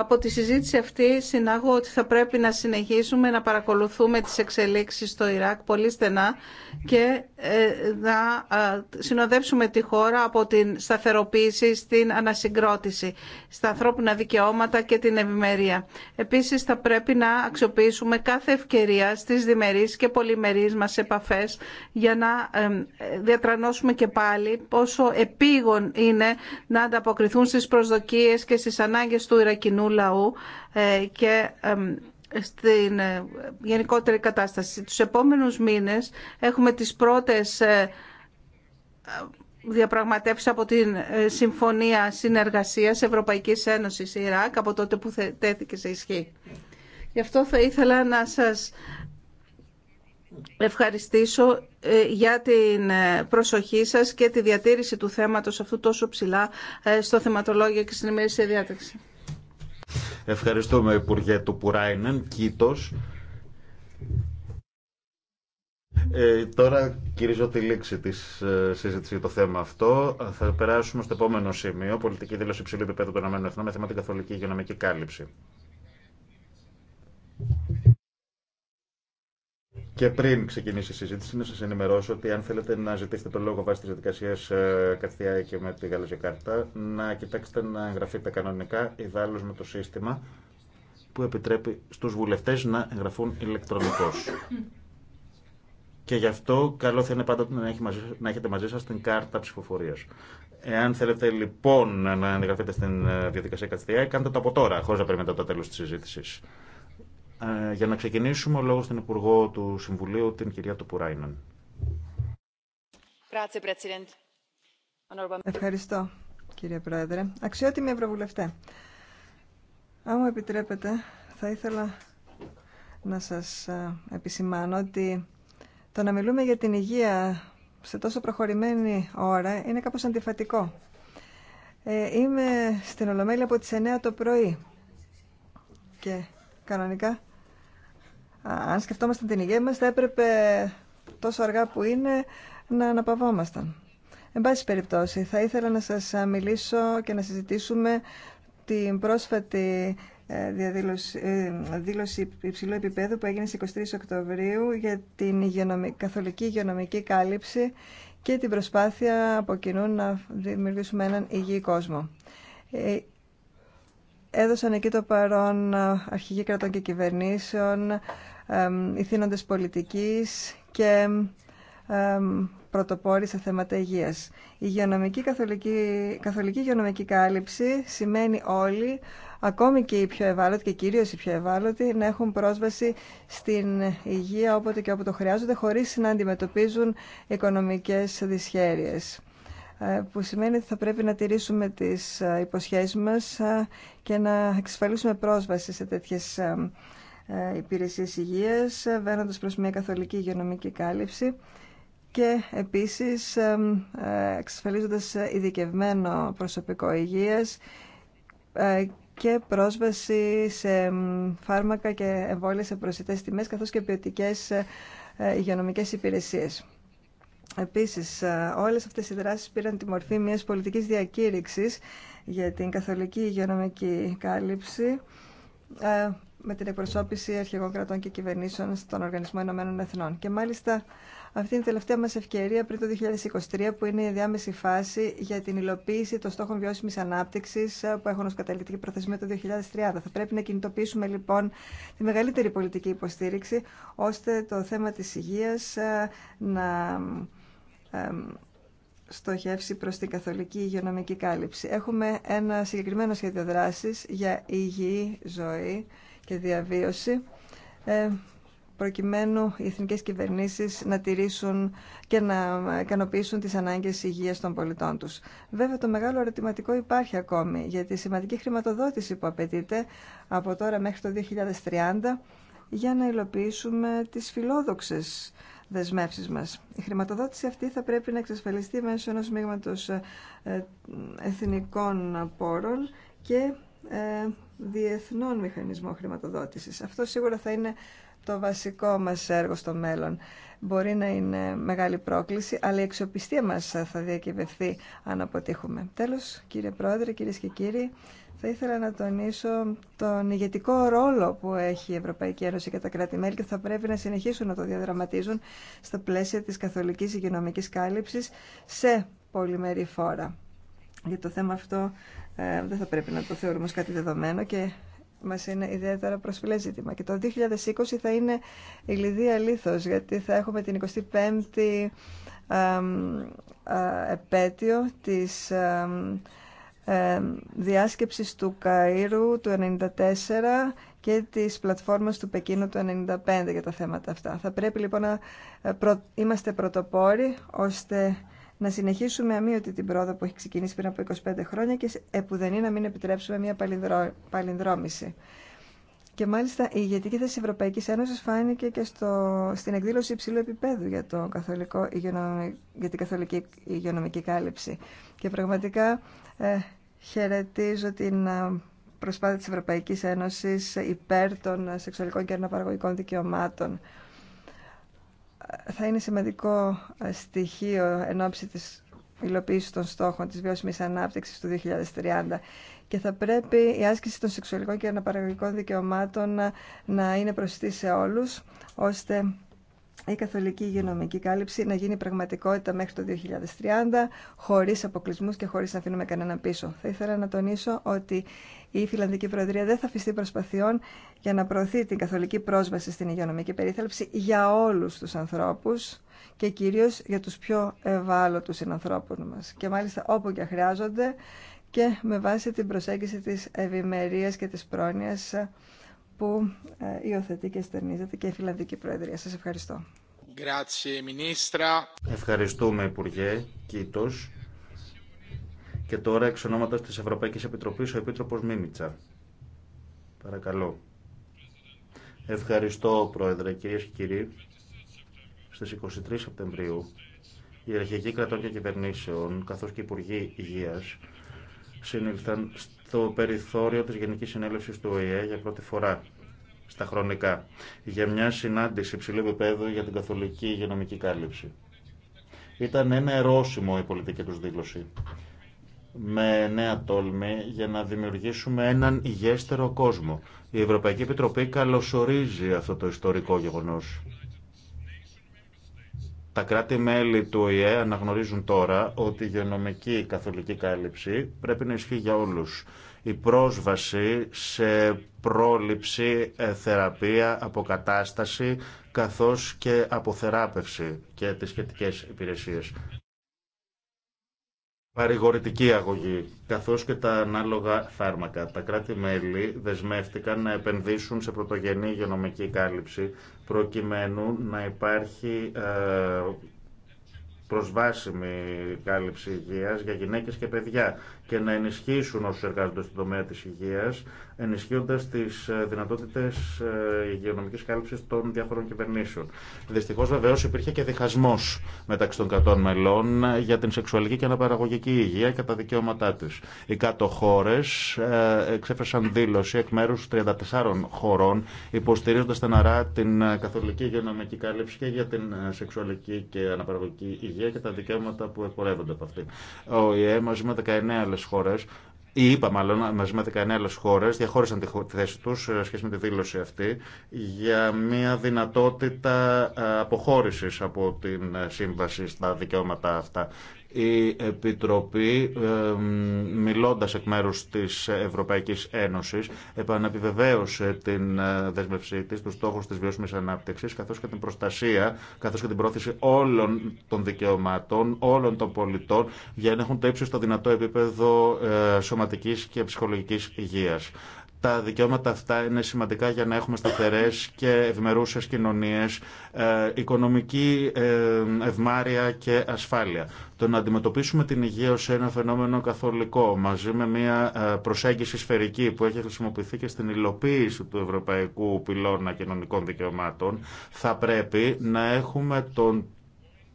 Από τη συζήτηση αυτή συνάγω ότι θα πρέπει να συνεχίσουμε να παρακολουθούμε τις εξελίξεις στο Ιράκ πολύ στενά και ε, να συνοδεύσουμε τη χώρα από την σταθεροποίηση στην ανασυγκρότηση, στα ανθρώπινα δικαιώματα και την ευημερία. Επίσης θα πρέπει να αξιοποιήσουμε κάθε ευκαιρία στις διμερείς και πολυμερείς μας επαφές για να ε, διατρανώσουμε και πάλι πόσο επίγον είναι να ανταποκριθούν στις προσδοκίες και στις ανάγκες του Ιρακινού λαού ε, και στην ε, γενικότερη κατάσταση. Τους επόμενους μήνες έχουμε τις πρώτες ε, διαπραγματεύσεις από την Συμφωνία Συνεργασίας Ευρωπαϊκής Ένωσης Ιράκ από τότε που τέθηκε σε ισχύ. Γι' αυτό θα ήθελα να σας ευχαριστήσω για την προσοχή σας και τη διατήρηση του θέματος αυτού τόσο ψηλά στο θεματολόγιο και στην ημερήσια διάταξη. Ευχαριστούμε Υπουργέ του Πουράινεν, Κίτος. Ε, τώρα κυρίζω τη λήξη τη ε, συζήτηση για το θέμα αυτό. Θα περάσουμε στο επόμενο σημείο. Πολιτική δήλωση υψηλού επίπεδου των ΕΕ με θέμα την καθολική υγειονομική κάλυψη. Και πριν ξεκινήσει η συζήτηση, να σα ενημερώσω ότι αν θέλετε να ζητήσετε το λόγο βάσει τη διαδικασία ε, και με τη γαλλική κάρτα, να κοιτάξετε να εγγραφείτε κανονικά, ιδάλω με το σύστημα που επιτρέπει στου βουλευτέ να εγγραφούν ηλεκτρονικώ. Και γι' αυτό καλό θα είναι πάντα να, έχει μαζί, να έχετε μαζί σα την κάρτα ψηφοφορία. Εάν θέλετε λοιπόν να εγγραφείτε στην ε, διαδικασία καθιστιά, κάντε το από τώρα, χωρί να περιμένετε το τέλο τη συζήτηση. Ε, για να ξεκινήσουμε, ο λόγος στην Υπουργό του Συμβουλίου, την κυρία Τοπουράιναν. Ευχαριστώ, κύριε Πρόεδρε. Αξιότιμη Ευρωβουλευτέ, αν μου επιτρέπετε, θα ήθελα να σας ε, επισημάνω ότι το να μιλούμε για την υγεία σε τόσο προχωρημένη ώρα είναι κάπως αντιφατικό. Ε, είμαι στην Ολομέλεια από τις 9 το πρωί και κανονικά αν σκεφτόμασταν την υγεία μας θα έπρεπε τόσο αργά που είναι να αναπαυόμασταν. Εν πάση περιπτώσει, θα ήθελα να σας μιλήσω και να συζητήσουμε την πρόσφατη ε, διαδήλωση, ε, δήλωση υψηλού επίπεδου που έγινε στις 23 Οκτωβρίου για την καθολική υγειονομική κάλυψη και την προσπάθεια από κοινού να δημιουργήσουμε έναν υγιή κόσμο. Ε, έδωσαν εκεί το παρόν αρχηγοί κρατών και κυβερνήσεων, ηθήνοντες πολιτικής και πρωτοπόροι σε θέματα υγείας. Η υγειονομική, καθολική, καθολική υγειονομική κάλυψη σημαίνει όλοι, ακόμη και οι πιο ευάλωτοι και κυρίως οι πιο ευάλωτοι, να έχουν πρόσβαση στην υγεία όποτε και όπου το χρειάζονται, χωρίς να αντιμετωπίζουν οικονομικές δυσχέρειες ε, που σημαίνει ότι θα πρέπει να τηρήσουμε τις ε, υποσχέσεις μας ε, και να εξασφαλίσουμε πρόσβαση σε τέτοιες ε, υπηρεσίες υγείας, ε, βαίνοντα προς μια καθολική υγειονομική κάλυψη και επίσης ε, εξασφαλίζοντας ειδικευμένο προσωπικό υγείας και πρόσβαση σε φάρμακα και εμβόλια σε προσιτές τιμές καθώς και ποιοτικέ υγειονομικές υπηρεσίες. Επίσης, όλες αυτές οι δράσεις πήραν τη μορφή μιας πολιτικής διακήρυξης για την καθολική υγειονομική κάλυψη με την εκπροσώπηση αρχηγών κρατών και κυβερνήσεων στον Οργανισμό Ηνωμένων Εθνών. Και μάλιστα αυτή είναι η τελευταία μας ευκαιρία πριν το 2023 που είναι η διάμεση φάση για την υλοποίηση των στόχων βιώσιμης ανάπτυξης ε, που έχουν ως καταληκτική προθεσμία το 2030. Θα πρέπει να κινητοποιήσουμε λοιπόν τη μεγαλύτερη πολιτική υποστήριξη ώστε το θέμα της υγείας ε, να ε, στοχεύσει προς την καθολική υγειονομική κάλυψη. Έχουμε ένα συγκεκριμένο σχέδιο δράσης για υγιή ζωή και διαβίωση ε, προκειμένου οι εθνικές κυβερνήσεις να τηρήσουν και να ικανοποιήσουν τις ανάγκες υγείας των πολιτών τους. Βέβαια το μεγάλο ερωτηματικό υπάρχει ακόμη για τη σημαντική χρηματοδότηση που απαιτείται από τώρα μέχρι το 2030 για να υλοποιήσουμε τις φιλόδοξες δεσμεύσεις μας. Η χρηματοδότηση αυτή θα πρέπει να εξασφαλιστεί μέσω ενός μείγματος ε, ε, εθνικών πόρων και ε, διεθνών μηχανισμών χρηματοδότησης. Αυτό σίγουρα θα είναι το βασικό μας έργο στο μέλλον. Μπορεί να είναι μεγάλη πρόκληση, αλλά η εξοπιστία μας θα διακυβευτεί αν αποτύχουμε. Τέλος, κύριε Πρόεδρε, κυρίε και κύριοι, θα ήθελα να τονίσω τον ηγετικό ρόλο που έχει η Ευρωπαϊκή Ένωση και τα κράτη-μέλη και θα πρέπει να συνεχίσουν να το διαδραματίζουν στα πλαίσια της καθολικής υγειονομικής κάλυψης σε πολυμερή φόρα. Για το θέμα αυτό ε, δεν θα πρέπει να το θεωρούμε ως κάτι δεδομένο και μας είναι ιδιαίτερα προσφυλέ ζήτημα. Και το 2020 θα είναι η λιδία λίθος, γιατί θα έχουμε την 25η επέτειο της διάσκεψης του Καΐρου του 1994 και της πλατφόρμας του Πεκίνου του 1995 για τα θέματα αυτά. Θα πρέπει λοιπόν να ε, είμαστε πρωτοπόροι ώστε να συνεχίσουμε αμύωτη την πρόοδο που έχει ξεκινήσει πριν από 25 χρόνια και επουδενή ε, να μην επιτρέψουμε μια παλινδρόμηση. Και μάλιστα η ηγετική θέση τη Ευρωπαϊκή Ένωση φάνηκε και στο, στην εκδήλωση υψηλού επίπεδου για, το καθολικό, για την καθολική υγειονομική κάλυψη. Και πραγματικά ε, χαιρετίζω την ε, προσπάθεια της Ευρωπαϊκής Ένωσης υπέρ των ε, σεξουαλικών και αναπαραγωγικών δικαιωμάτων θα είναι σημαντικό ε, στοιχείο εν ώψη της υλοποίησης των στόχων της βιώσιμης ανάπτυξης του 2030 και θα πρέπει η άσκηση των σεξουαλικών και αναπαραγωγικών δικαιωμάτων να, είναι προσιτή σε όλους, ώστε η καθολική υγειονομική κάλυψη να γίνει πραγματικότητα μέχρι το 2030, χωρίς αποκλεισμού και χωρίς να αφήνουμε κανέναν πίσω. Θα ήθελα να τονίσω ότι η Φιλανδική Προεδρία δεν θα αφιστεί προσπαθειών για να προωθεί την καθολική πρόσβαση στην υγειονομική περίθαλψη για όλους τους ανθρώπους και κυρίω για του πιο ευάλωτους συνανθρώπους μας. Και μάλιστα όπου και χρειάζονται και με βάση την προσέγγιση της ευημερίας και της πρόνοιας που ε, υιοθετεί και στερνίζεται και η Φιλανδική Προεδρία. Σας ευχαριστώ. Ευχαριστούμε, Υπουργέ. Κίτος. Και τώρα, εξ ονόματο της Ευρωπαϊκής Επιτροπής, ο Επίτροπο Μίμητσα. Παρακαλώ. Ευχαριστώ, Πρόεδρε, κύριε, και κύριοι. Στι 23 Σεπτεμβρίου, η Αρχική Κρατών και Κυβερνήσεων, καθώς και οι Υπουργοί Υγεία, συνήλθαν στο περιθώριο της Γενικής Συνέλευσης του ΟΗΕ για πρώτη φορά στα χρονικά για μια συνάντηση υψηλή επίπεδου για την καθολική υγειονομική κάλυψη. Ήταν ένα ερώσιμο η πολιτική τους δήλωση με νέα τόλμη για να δημιουργήσουμε έναν υγιέστερο κόσμο. Η Ευρωπαϊκή Επιτροπή καλωσορίζει αυτό το ιστορικό γεγονός τα κράτη-μέλη του ΟΗΕ αναγνωρίζουν τώρα ότι η υγειονομική καθολική κάλυψη πρέπει να ισχύει για όλους. Η πρόσβαση σε πρόληψη, ε, θεραπεία, αποκατάσταση καθώς και αποθεράπευση και τις σχετικές υπηρεσίες παρηγορητική αγωγή, καθώς και τα ανάλογα φάρμακα. Τα κράτη-μέλη δεσμεύτηκαν να επενδύσουν σε πρωτογενή υγειονομική κάλυψη, προκειμένου να υπάρχει ε, προσβάσιμη κάλυψη υγείας για γυναίκες και παιδιά, και να ενισχύσουν όσου εργάζονται στον τομέα τη υγεία, ενισχύοντα τι ε, δυνατότητε υγειονομική κάλυψη των διάφορων κυβερνήσεων. Δυστυχώ, βεβαίω, υπήρχε και διχασμό μεταξύ των 100 μελών ε, για την σεξουαλική και αναπαραγωγική υγεία και τα δικαιώματά τη. Οι κάτω χώρε ε, εξέφρασαν δήλωση εκ μέρου 34 χωρών, υποστηρίζοντα στεναρά την καθολική υγειονομική κάλυψη και για την σεξουαλική και αναπαραγωγική υγεία και τα δικαιώματα που εκπορεύονται από αυτή. Ο ΙΕ μαζί με χώρε, ή είπα μάλλον μαζί με 19 άλλε χώρε διαχώρισαν τη θέση του σε σχέση με τη δήλωση αυτή για μια δυνατότητα ε, αποχώρηση από την ε, σύμβαση στα δικαιώματα αυτά. Η Επιτροπή, μιλώντας εκ μέρους της Ευρωπαϊκής Ένωσης, επαναπιβεβαίωσε την ε, δέσμευσή της, τους στόχους της βιώσιμης ανάπτυξης, καθώς και την προστασία, καθώς και την πρόθεση όλων των δικαιωμάτων, όλων των πολιτών, για να έχουν το στο δυνατό επίπεδο ε, σωματικής και ψυχολογικής υγείας τα δικαιώματα αυτά είναι σημαντικά για να έχουμε σταθερές και ευμερούσες κοινωνίες, ε, οικονομική ε, ευμάρεια και ασφάλεια. Το να αντιμετωπίσουμε την υγεία ως ένα φαινόμενο καθολικό μαζί με μια ε, προσέγγιση σφαιρική που έχει χρησιμοποιηθεί και στην υλοποίηση του Ευρωπαϊκού Πυλώνα Κοινωνικών Δικαιωμάτων θα πρέπει να έχουμε τον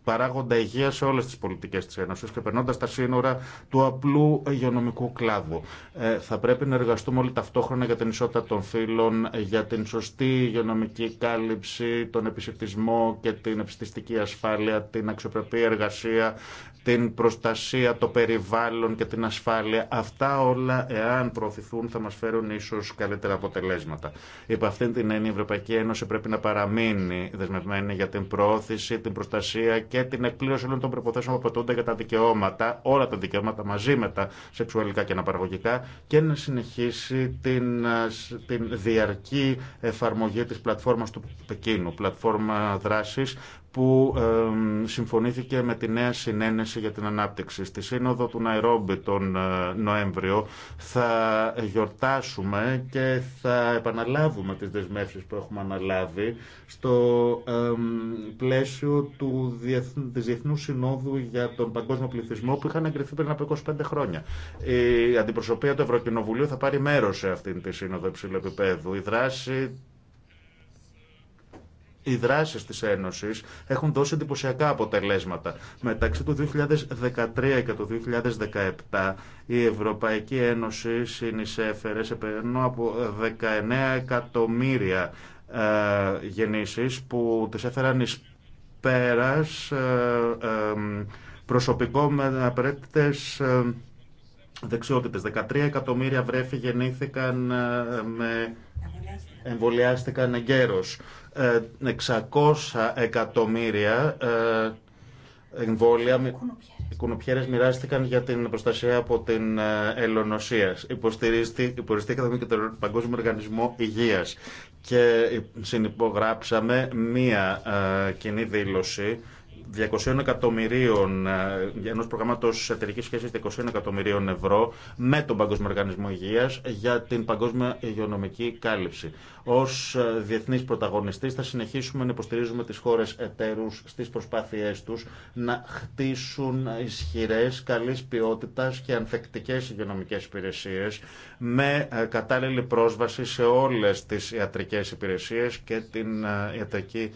παράγοντα υγεία σε όλε τι πολιτικέ τη Ένωση και περνώντα τα σύνορα του απλού υγειονομικού κλάδου. Ε, θα πρέπει να εργαστούμε όλοι ταυτόχρονα για την ισότητα των φύλων, για την σωστή υγειονομική κάλυψη, τον επισκεπτισμό και την επιστηστική ασφάλεια, την αξιοπρεπή εργασία, την προστασία, των περιβάλλων και την ασφάλεια. Αυτά όλα, εάν προωθηθούν, θα μα φέρουν ίσω καλύτερα αποτελέσματα. Υπ' αυτήν την έννοια, η Ευρωπαϊκή Ένωση πρέπει να παραμείνει δεσμευμένη για την προώθηση, την προστασία και την εκπλήρωση όλων των προποθέσεων που απαιτούνται για τα δικαιώματα, όλα τα δικαιώματα μαζί με τα σεξουαλικά και αναπαραγωγικά και να συνεχίσει την, την διαρκή εφαρμογή της πλατφόρμας του Πεκίνου, πλατφόρμα δράση που συμφωνήθηκε με τη νέα συνένεση για την ανάπτυξη. Στη σύνοδο του Ναϊρόμπι τον ε, Νοέμβριο θα γιορτάσουμε και θα επαναλάβουμε τις δεσμεύσεις που έχουμε αναλάβει στο πλαίσιο του, της Διεθνούς Συνόδου για τον Παγκόσμιο Πληθυσμό που είχαν εγκριθεί πριν από 25 χρόνια. Η αντιπροσωπεία του Ευρωκοινοβουλίου θα πάρει μέρος σε αυτή τη σύνοδο υψηλού επίπεδου. Η δράση οι δράσει τη Ένωση έχουν δώσει εντυπωσιακά αποτελέσματα. Μεταξύ του 2013 και του 2017 η Ευρωπαϊκή Ένωση συνεισέφερε σε περνό από 19 εκατομμύρια ε, που τι έφεραν ει πέρα ε, ε, ε, προσωπικό με Ε, Δεξιότητες. 13 εκατομμύρια βρέφη γεννήθηκαν ε, με... εμβολιάστηκαν εγκαίρως. 600 ε, εκατομμύρια ε, εμβόλια οι μοιράστηκαν για την προστασία από την ελονοσία. Υποστηρίχθηκαμε και τον Παγκόσμιο Οργανισμό Υγεία. Και συνυπογράψαμε μία κοινή δήλωση 200 εκατομμυρίων, ε, ενό προγράμματο εταιρική σχέση 200 εκατομμυρίων ευρώ με τον Παγκόσμιο Οργανισμό Υγεία για την παγκόσμια υγειονομική κάλυψη. Ω ε, διεθνή πρωταγωνιστή, θα συνεχίσουμε να υποστηρίζουμε τι χώρε εταίρου στι προσπάθειέ του να χτίσουν ισχυρέ, καλή ποιότητα και ανθεκτικέ υγειονομικέ υπηρεσίε με ε, κατάλληλη πρόσβαση σε όλε τι ιατρικέ υπηρεσίε και την ιατρική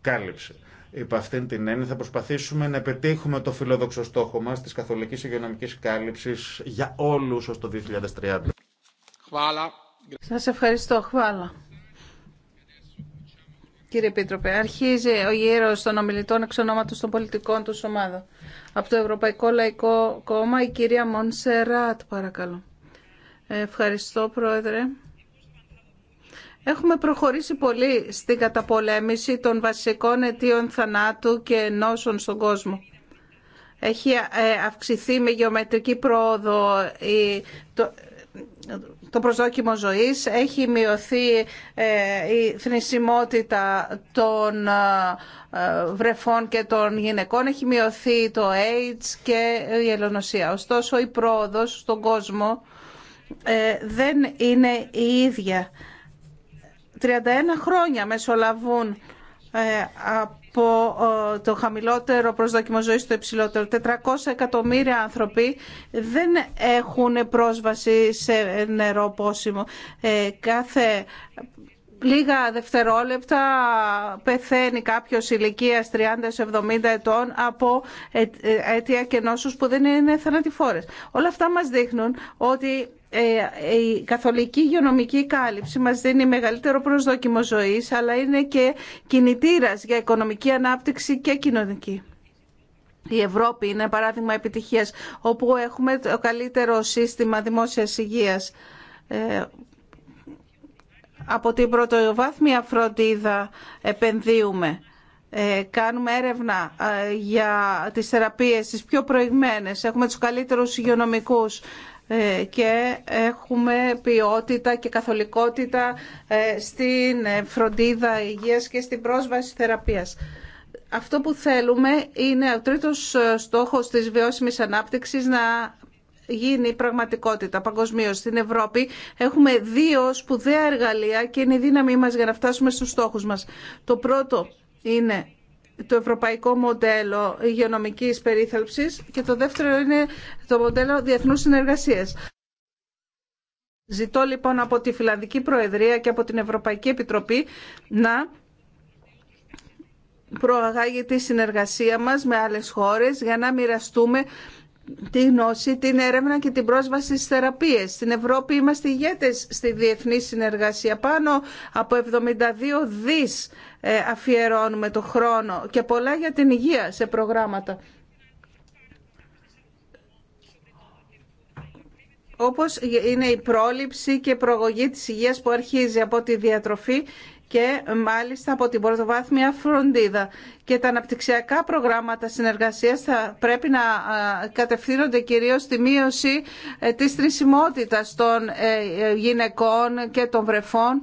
κάλυψη. Υπ' αυτήν την έννοια θα προσπαθήσουμε να πετύχουμε το φιλόδοξο στόχο μας της καθολικής υγειονομικής κάλυψης για όλους ως το 2030. Σας ευχαριστώ. Χβάλα. Κύριε Επίτροπε, αρχίζει ο γύρος των ομιλητών εξ ονόματος των πολιτικών του ομάδων. Από το Ευρωπαϊκό Λαϊκό Κόμμα, η κυρία Μονσεράτ, παρακαλώ. Ευχαριστώ, Πρόεδρε. Έχουμε προχωρήσει πολύ στην καταπολέμηση των βασικών αιτίων θανάτου και νόσων στον κόσμο. Έχει ε, αυξηθεί με γεωμετρική πρόοδο το προσδόκιμο ζωής, έχει μειωθεί ε, η θνησιμότητα των ε, βρεφών και των γυναικών, έχει μειωθεί το AIDS και η ελονοσία. Ωστόσο η πρόοδος στον κόσμο δεν είναι η ίδια 31 χρόνια μεσολαβούν ε, από ε, το χαμηλότερο προσδόκιμο ζωής στο υψηλότερο. 400 εκατομμύρια άνθρωποι δεν έχουν πρόσβαση σε νερό πόσιμο. Ε, κάθε λίγα δευτερόλεπτα πεθαίνει κάποιος ηλικίας 30-70 ετών από αίτια και νόσους που δεν είναι θανατηφόρες. Όλα αυτά μας δείχνουν ότι ε, η καθολική υγειονομική κάλυψη μας δίνει μεγαλύτερο προσδόκιμο ζωής, αλλά είναι και κινητήρας για οικονομική ανάπτυξη και κοινωνική. Η Ευρώπη είναι παράδειγμα επιτυχίας, όπου έχουμε το καλύτερο σύστημα δημόσιας υγείας. Ε, από την πρωτοβάθμια φροντίδα επενδύουμε. Ε, κάνουμε έρευνα για τις θεραπείες, τις πιο προηγμένες. Έχουμε τους καλύτερους υγειονομικούς ε, και έχουμε ποιότητα και καθολικότητα ε, στην ε, φροντίδα υγείας και στην πρόσβαση θεραπείας. Αυτό που θέλουμε είναι ο τρίτος στόχος της βιώσιμης ανάπτυξης να γίνει πραγματικότητα παγκοσμίω στην Ευρώπη. Έχουμε δύο σπουδαία εργαλεία και είναι η δύναμή μας για να φτάσουμε στους στόχους μας. Το πρώτο είναι το ευρωπαϊκό μοντέλο υγειονομικής περίθαλψης και το δεύτερο είναι το μοντέλο διεθνούς συνεργασίας. Ζητώ λοιπόν από τη Φιλανδική Προεδρία και από την Ευρωπαϊκή Επιτροπή να προαγάγει τη συνεργασία μας με άλλες χώρες για να μοιραστούμε τη γνώση, την έρευνα και την πρόσβαση στις θεραπείες. Στην Ευρώπη είμαστε ηγέτες στη διεθνή συνεργασία. Πάνω από 72 δις ε, αφιερώνουμε το χρόνο και πολλά για την υγεία σε προγράμματα. Όπως είναι η πρόληψη και προγωγή της υγείας που αρχίζει από τη διατροφή και μάλιστα από την πρωτοβάθμια φροντίδα και τα αναπτυξιακά προγράμματα συνεργασίας θα πρέπει να κατευθύνονται κυρίως στη μείωση ε, της θρησιμότητας των ε, ε, γυναικών και των βρεφών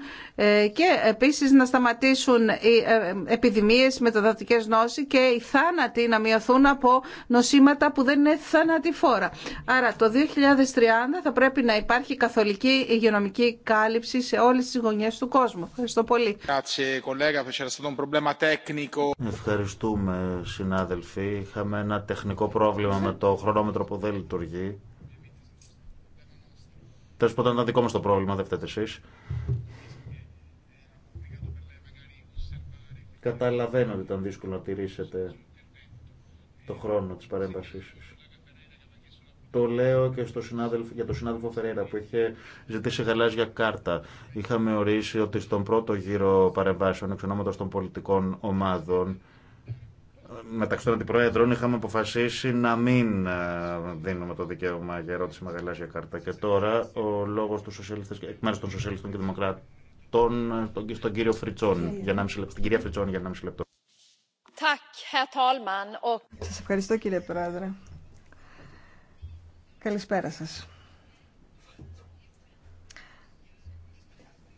και επίσης να σταματήσουν οι επιδημίες μεταδοτικές νόσοι και οι θάνατοι να μειωθούν από νοσήματα που δεν είναι θανατηφόρα. Άρα το 2030 θα πρέπει να υπάρχει καθολική υγειονομική κάλυψη σε όλες τις γωνιές του κόσμου. Ευχαριστώ πολύ. Ευχαριστούμε συνάδελφοι. Είχαμε ένα τεχνικό πρόβλημα με το χρονόμετρο που δεν λειτουργεί. Τέλο πάντων, ήταν δικό μα το πρόβλημα, δεν φταίτε εσεί. Καταλαβαίνω ότι ήταν δύσκολο να τηρήσετε το χρόνο της παρέμβασής σας. Το λέω και στο συνάδελφο, για τον συνάδελφο Φεραίρα που είχε ζητήσει γαλάζια κάρτα. Είχαμε ορίσει ότι στον πρώτο γύρο παρεμβάσεων εξ των πολιτικών ομάδων μεταξύ των αντιπροέδρων είχαμε αποφασίσει να μην ε, δίνουμε το δικαίωμα για ερώτηση με γαλάζια κάρτα. Και τώρα ο λόγος του εκ μέρου των Σοσιαλιστών και Δημοκράτων ε, τον, τον, κύριο Φριτσόν, για να λεπτό, κυρία Φριτσόν για 1,5 λεπτό. Σα ευχαριστώ κύριε Πρόεδρε. Καλησπέρα σας.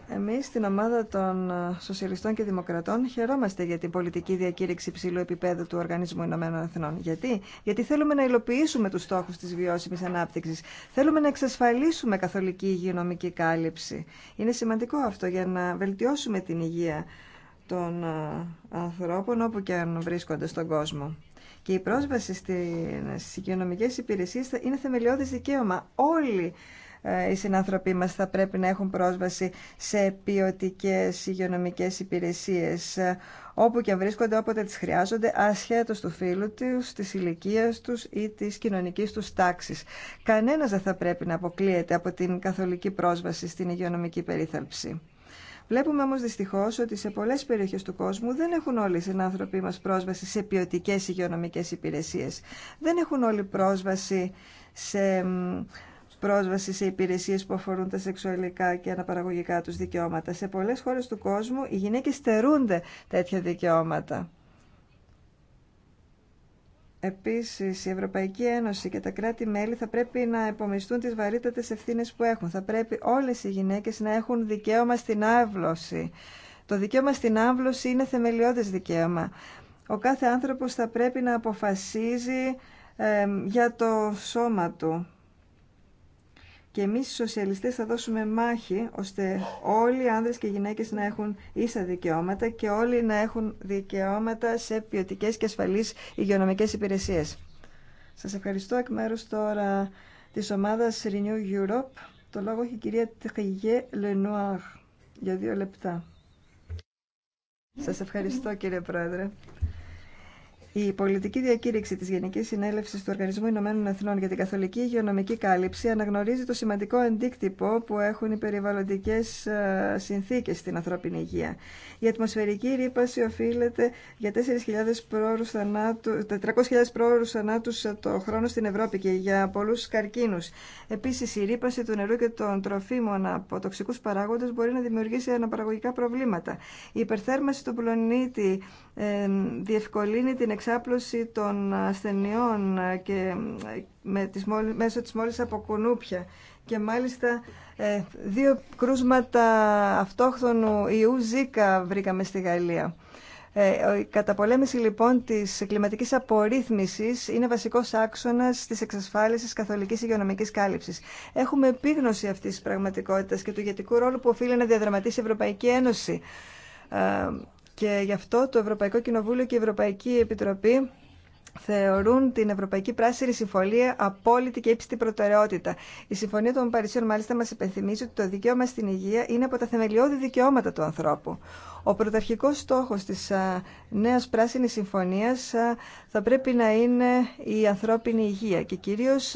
Εμεί στην ομάδα των ε, Σοσιαλιστών και Δημοκρατών χαιρόμαστε για την πολιτική διακήρυξη ψηλού επίπεδου του Οργανισμού Ηνωμένων Εθνών. Γιατί? Γιατί θέλουμε να υλοποιήσουμε του στόχου τη βιώσιμη ανάπτυξη. Θέλουμε να εξασφαλίσουμε καθολική υγειονομική κάλυψη. Είναι σημαντικό αυτό για να βελτιώσουμε την υγεία των ε, ανθρώπων όπου και αν βρίσκονται στον κόσμο. Και η πρόσβαση στι υγειονομικέ υπηρεσίε είναι θεμελιώδη δικαίωμα. Όλοι ε, οι συνάνθρωποι μας θα πρέπει να έχουν πρόσβαση σε ποιοτικέ υγειονομικές υπηρεσίες ε, όπου και αν βρίσκονται, όποτε τις χρειάζονται, ασχέτως του φίλου τους, της ηλικία τους ή της κοινωνικής τους τάξης. Κανένας δεν θα πρέπει να αποκλείεται από την καθολική πρόσβαση στην υγειονομική περίθαλψη. Βλέπουμε όμως δυστυχώς ότι σε πολλές περιοχές του κόσμου δεν έχουν όλοι οι συνάνθρωποι μας πρόσβαση σε ποιοτικές υγειονομικές υπηρεσίες. Δεν έχουν όλοι πρόσβαση σε πρόσβαση σε υπηρεσίες που αφορούν τα σεξουαλικά και αναπαραγωγικά τους δικαιώματα. Σε πολλές χώρες του κόσμου οι γυναίκες στερούνται τέτοια δικαιώματα. Επίσης, η Ευρωπαϊκή Ένωση και τα κράτη-μέλη θα πρέπει να επομιστούν τις βαρύτατες ευθύνες που έχουν. Θα πρέπει όλες οι γυναίκες να έχουν δικαίωμα στην άβλωση. Το δικαίωμα στην άβλωση είναι θεμελιώδες δικαίωμα. Ο κάθε άνθρωπος θα πρέπει να αποφασίζει για το σώμα του και εμεί οι σοσιαλιστές θα δώσουμε μάχη ώστε όλοι οι άνδρες και οι γυναίκες να έχουν ίσα δικαιώματα και όλοι να έχουν δικαιώματα σε ποιοτικέ και ασφαλείς υγειονομικές υπηρεσίες. Σας ευχαριστώ εκ μέρου τώρα της ομάδας Renew Europe. Το λόγο έχει η κυρία Τριγέ Λενουάρ για δύο λεπτά. Σας ευχαριστώ κύριε Πρόεδρε. Η πολιτική διακήρυξη τη Γενική Συνέλευση του Οργανισμού Ηνωμένων Εθνών για την Καθολική Υγειονομική Κάλυψη αναγνωρίζει το σημαντικό αντίκτυπο που έχουν οι περιβαλλοντικέ ε, συνθήκε στην ανθρώπινη υγεία. Η ατμοσφαιρική ρήπαση οφείλεται για 400.000 πρόωρου θανάτου το χρόνο στην Ευρώπη και για πολλού καρκίνου. Επίση, η ρήπαση του νερού και των τροφίμων από τοξικού παράγοντε μπορεί να δημιουργήσει αναπαραγωγικά προβλήματα. Η υπερθέρμανση του πλανήτη διευκολύνει την εξάπλωση των ασθενειών ε, και ε, με τις, μέσω της μόλις από κουνούπια. Και μάλιστα ε, δύο κρούσματα αυτόχθονου ιού Ζήκα βρήκαμε στη Γαλλία. Η καταπολέμηση λοιπόν της κλιματικής απορρίθμισης είναι βασικός άξονας της εξασφάλισης καθολικής υγειονομικής κάλυψης. Έχουμε επίγνωση αυτής της πραγματικότητας και του ηγετικού ρόλου που οφείλει να διαδραματίσει η Ευρωπαϊκή Ένωση και γι' αυτό το Ευρωπαϊκό Κοινοβούλιο και η Ευρωπαϊκή Επιτροπή θεωρούν την Ευρωπαϊκή Πράσινη Συμφωνία απόλυτη και ύψιστη προτεραιότητα. Η Συμφωνία των Παρισίων μάλιστα μας υπενθυμίζει ότι το δικαίωμα στην υγεία είναι από τα θεμελιώδη δικαιώματα του ανθρώπου. Ο πρωταρχικός στόχος της νέας Πράσινης Συμφωνίας θα πρέπει να είναι η ανθρώπινη υγεία και κυρίως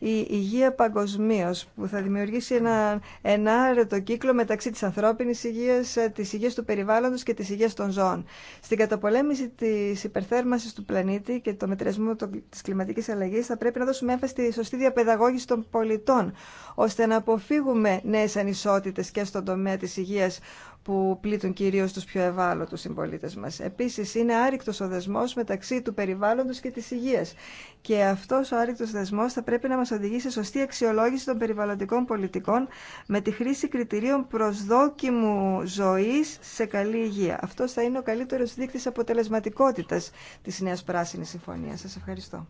η υγεία παγκοσμίω, που θα δημιουργήσει ένα ενάρετο κύκλο μεταξύ τη ανθρώπινη υγεία, ε, τη υγεία του περιβάλλοντο και τη υγεία των ζώων. Στην καταπολέμηση τη υπερθέρμανση του πλανήτη και το μετριασμό τη κλιματική αλλαγή, θα πρέπει να δώσουμε έμφαση στη σωστή διαπαιδαγώγηση των πολιτών, ώστε να αποφύγουμε νέε ανισότητε και στον τομέα τη υγεία που πλήττουν κυρίω του πιο ευάλωτου συμπολίτε μα. Επίση, είναι άρρηκτο ο δεσμό μεταξύ του περιβάλλοντο και τη υγεία. Και αυτό ο άρρηκτο δεσμό θα πρέπει να μα οδηγεί σε σωστή αξιολόγηση των περιβαλλοντικών πολιτικών με τη χρήση κριτηρίων προσδόκιμου ζωή σε καλή υγεία. Αυτό θα είναι ο καλύτερος δείκτης αποτελεσματικότητα τη νέα πράσινη συμφωνία. Σα ευχαριστώ.